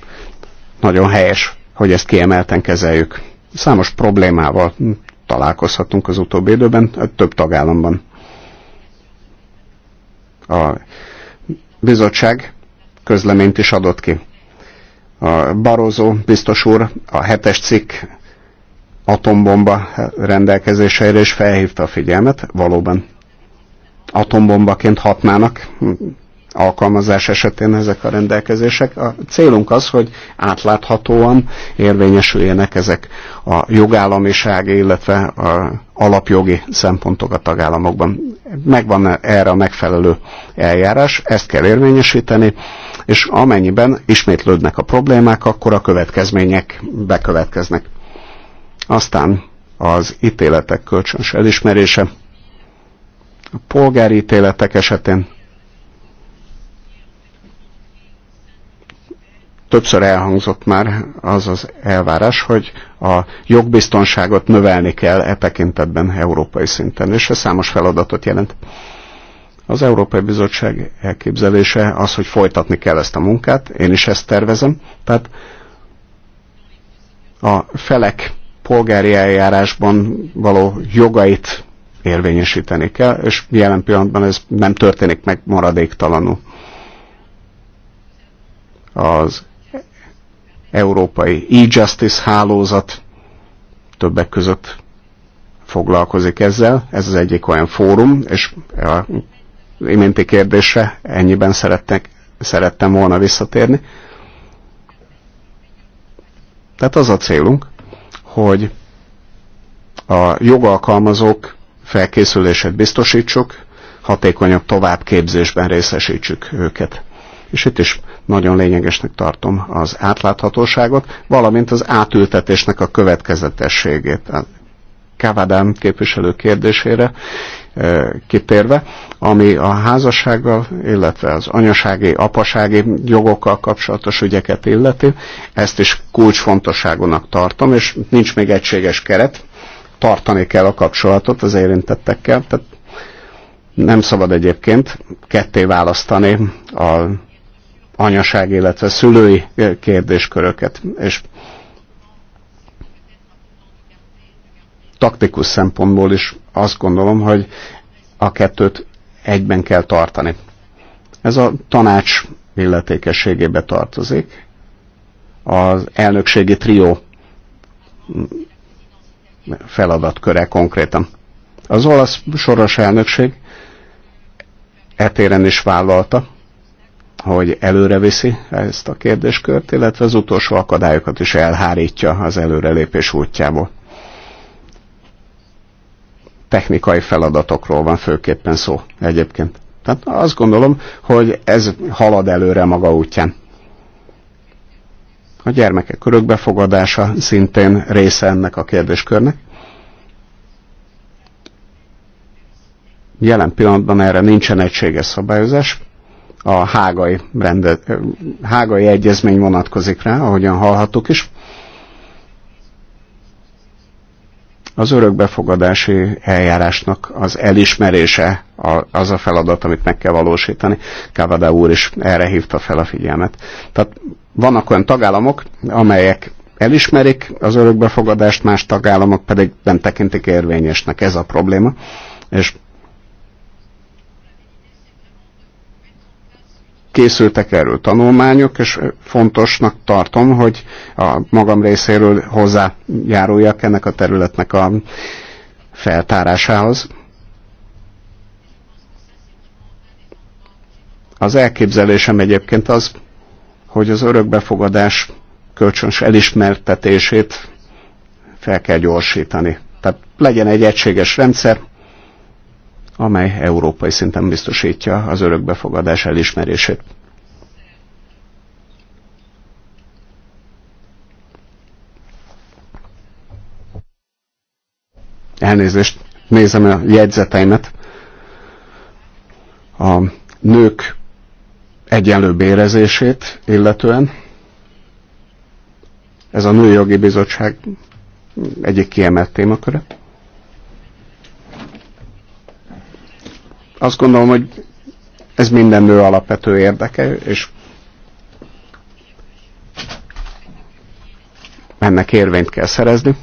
nagyon helyes, hogy ezt kiemelten kezeljük. Számos problémával találkozhatunk az utóbbi időben, hát több tagállamban. A bizottság közleményt is adott ki. A Barozó biztos úr a hetes cikk atombomba rendelkezéseire is felhívta a figyelmet, valóban atombombaként hatnának alkalmazás esetén ezek a rendelkezések. A célunk az, hogy átláthatóan érvényesüljenek ezek a jogállamisági illetve a alapjogi szempontok a tagállamokban. Megvan erre a megfelelő eljárás, ezt kell érvényesíteni, és amennyiben ismétlődnek a problémák, akkor a következmények bekövetkeznek. Aztán az ítéletek kölcsönös elismerése. A polgári ítéletek esetén többször elhangzott már az az elvárás, hogy a jogbiztonságot növelni kell e tekintetben európai szinten, és ez számos feladatot jelent. Az Európai Bizottság elképzelése az, hogy folytatni kell ezt a munkát, én is ezt tervezem, tehát a felek polgári eljárásban való jogait érvényesíteni kell, és jelen pillanatban ez nem történik meg maradéktalanul. Az európai e-justice hálózat többek között foglalkozik ezzel. Ez az egyik olyan fórum, és a iménti kérdése ennyiben szerettek, szerettem volna visszatérni. Tehát az a célunk, hogy a jogalkalmazók felkészülését biztosítsuk, hatékonyabb továbbképzésben részesítsük őket. És itt is nagyon lényegesnek tartom az átláthatóságot, valamint az átültetésnek a következetességét. Kávádám képviselő kérdésére kitérve, ami a házassággal, illetve az anyasági, apasági jogokkal kapcsolatos ügyeket illeti. Ezt is kulcsfontosságúnak tartom, és nincs még egységes keret, tartani kell a kapcsolatot az érintettekkel, tehát nem szabad egyébként ketté választani a anyaság, illetve szülői kérdésköröket, és taktikus szempontból is azt gondolom, hogy a kettőt egyben kell tartani. Ez a tanács illetékességébe tartozik. Az elnökségi trió feladatköre konkrétan. Az olasz soros elnökség etéren is vállalta, hogy viszi ezt a kérdéskört, illetve az utolsó akadályokat is elhárítja az előrelépés útjából technikai feladatokról van főképpen szó egyébként. Tehát azt gondolom, hogy ez halad előre maga útján. A gyermekek örökbefogadása szintén része ennek a kérdéskörnek. Jelen pillanatban erre nincsen egységes szabályozás. A hágai, rendet, hágai egyezmény vonatkozik rá, ahogyan hallhattuk is. Az örökbefogadási eljárásnak az elismerése az a feladat, amit meg kell valósítani. Kávada úr is erre hívta fel a figyelmet. Tehát vannak olyan tagállamok, amelyek elismerik az örökbefogadást, más tagállamok pedig nem tekintik érvényesnek. Ez a probléma. És készültek erről tanulmányok, és fontosnak tartom, hogy a magam részéről hozzájáruljak ennek a területnek a feltárásához. Az elképzelésem egyébként az, hogy az örökbefogadás kölcsönös elismertetését fel kell gyorsítani. Tehát legyen egy egységes rendszer, amely európai szinten biztosítja az örökbefogadás elismerését. Elnézést, nézem a jegyzeteimet. A nők egyenlő bérezését illetően. Ez a Nőjogi Bizottság egyik kiemelt témaköre. Azt gondolom, hogy ez minden nő alapvető érdeke, és ennek érvényt kell szerezni.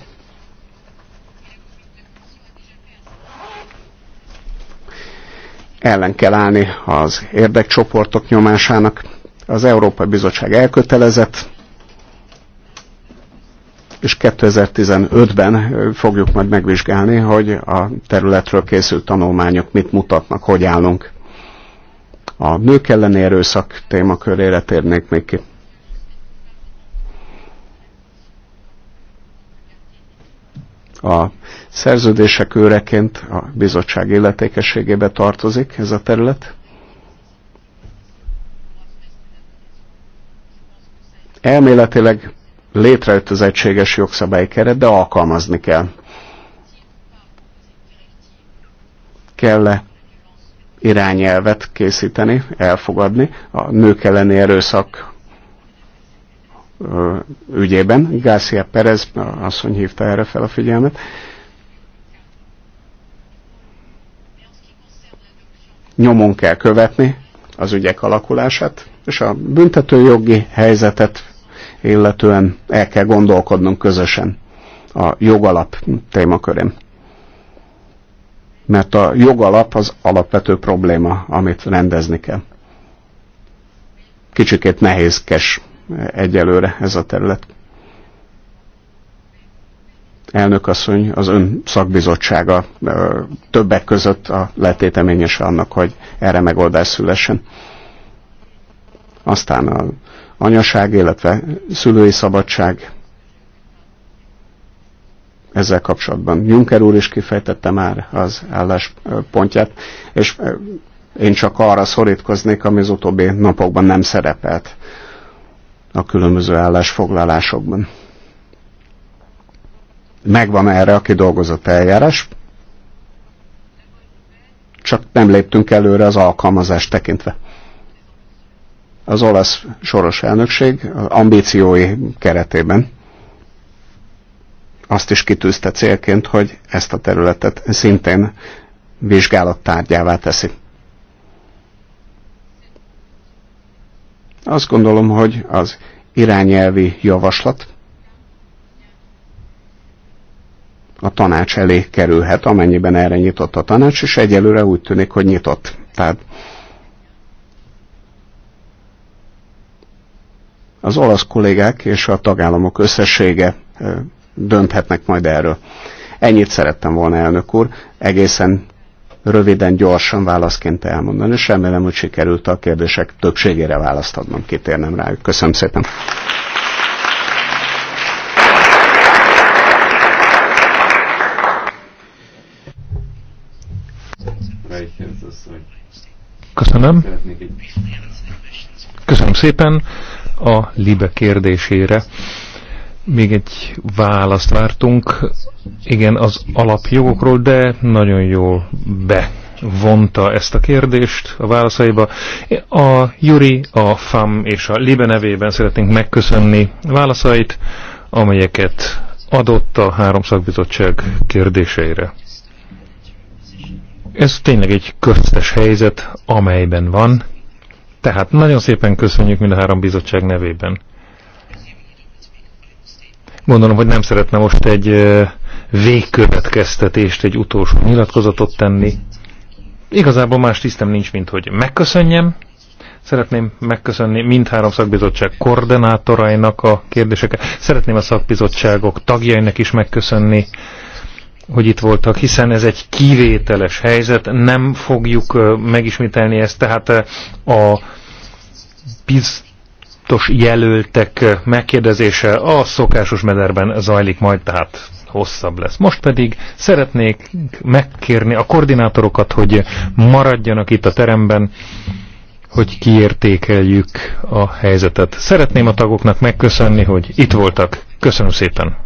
Ellen kell állni az érdekcsoportok nyomásának. Az Európai Bizottság elkötelezett és 2015-ben fogjuk majd megvizsgálni, hogy a területről készült tanulmányok mit mutatnak, hogy állunk. A nők elleni erőszak témakörére térnék még ki. A szerződések őreként a bizottság illetékességébe tartozik ez a terület. Elméletileg létrejött az egységes jogszabályi keret, de alkalmazni kell. Kell-e irányelvet készíteni, elfogadni a nők elleni erőszak ügyében. Garcia Perez asszony hívta erre fel a figyelmet. Nyomon kell követni az ügyek alakulását, és a büntetőjogi helyzetet illetően el kell gondolkodnunk közösen a jogalap témakörén. Mert a jogalap az alapvető probléma, amit rendezni kell. Kicsikét nehézkes egyelőre ez a terület. Elnök asszony, az ön szakbizottsága többek között a letéteményese annak, hogy erre megoldás szülessen. Aztán a anyaság, illetve szülői szabadság ezzel kapcsolatban. Juncker úr is kifejtette már az álláspontját, és én csak arra szorítkoznék, ami az utóbbi napokban nem szerepelt a különböző állásfoglalásokban. Megvan erre a kidolgozott eljárás, csak nem léptünk előre az alkalmazást tekintve az olasz soros elnökség ambíciói keretében azt is kitűzte célként, hogy ezt a területet szintén vizsgálattárgyává teszi. Azt gondolom, hogy az irányelvi javaslat a tanács elé kerülhet, amennyiben erre nyitott a tanács, és egyelőre úgy tűnik, hogy nyitott. Tehát Az olasz kollégák és a tagállamok összessége dönthetnek majd erről. Ennyit szerettem volna, elnök úr, egészen röviden, gyorsan válaszként elmondani, és remélem, hogy sikerült a kérdések többségére választ adnom, kitérnem rájuk. Köszönöm szépen! Köszönöm. Köszönöm szépen a libe kérdésére. Még egy választ vártunk, igen, az alapjogokról, de nagyon jól bevonta ezt a kérdést a válaszaiba. A Juri, a FAM és a Libe nevében szeretnénk megköszönni válaszait, amelyeket adott a háromszakbizottság kérdéseire. Ez tényleg egy köztes helyzet, amelyben van tehát nagyon szépen köszönjük mind a három bizottság nevében. Gondolom, hogy nem szeretne most egy végkövetkeztetést, egy utolsó nyilatkozatot tenni. Igazából más tisztem nincs, mint hogy megköszönjem. Szeretném megköszönni mindhárom szakbizottság koordinátorainak a kérdéseket. Szeretném a szakbizottságok tagjainak is megköszönni hogy itt voltak, hiszen ez egy kivételes helyzet, nem fogjuk megismételni ezt, tehát a biztos jelöltek megkérdezése a szokásos mederben zajlik majd, tehát hosszabb lesz. Most pedig szeretnék megkérni a koordinátorokat, hogy maradjanak itt a teremben, hogy kiértékeljük a helyzetet. Szeretném a tagoknak megköszönni, hogy itt voltak. Köszönöm szépen!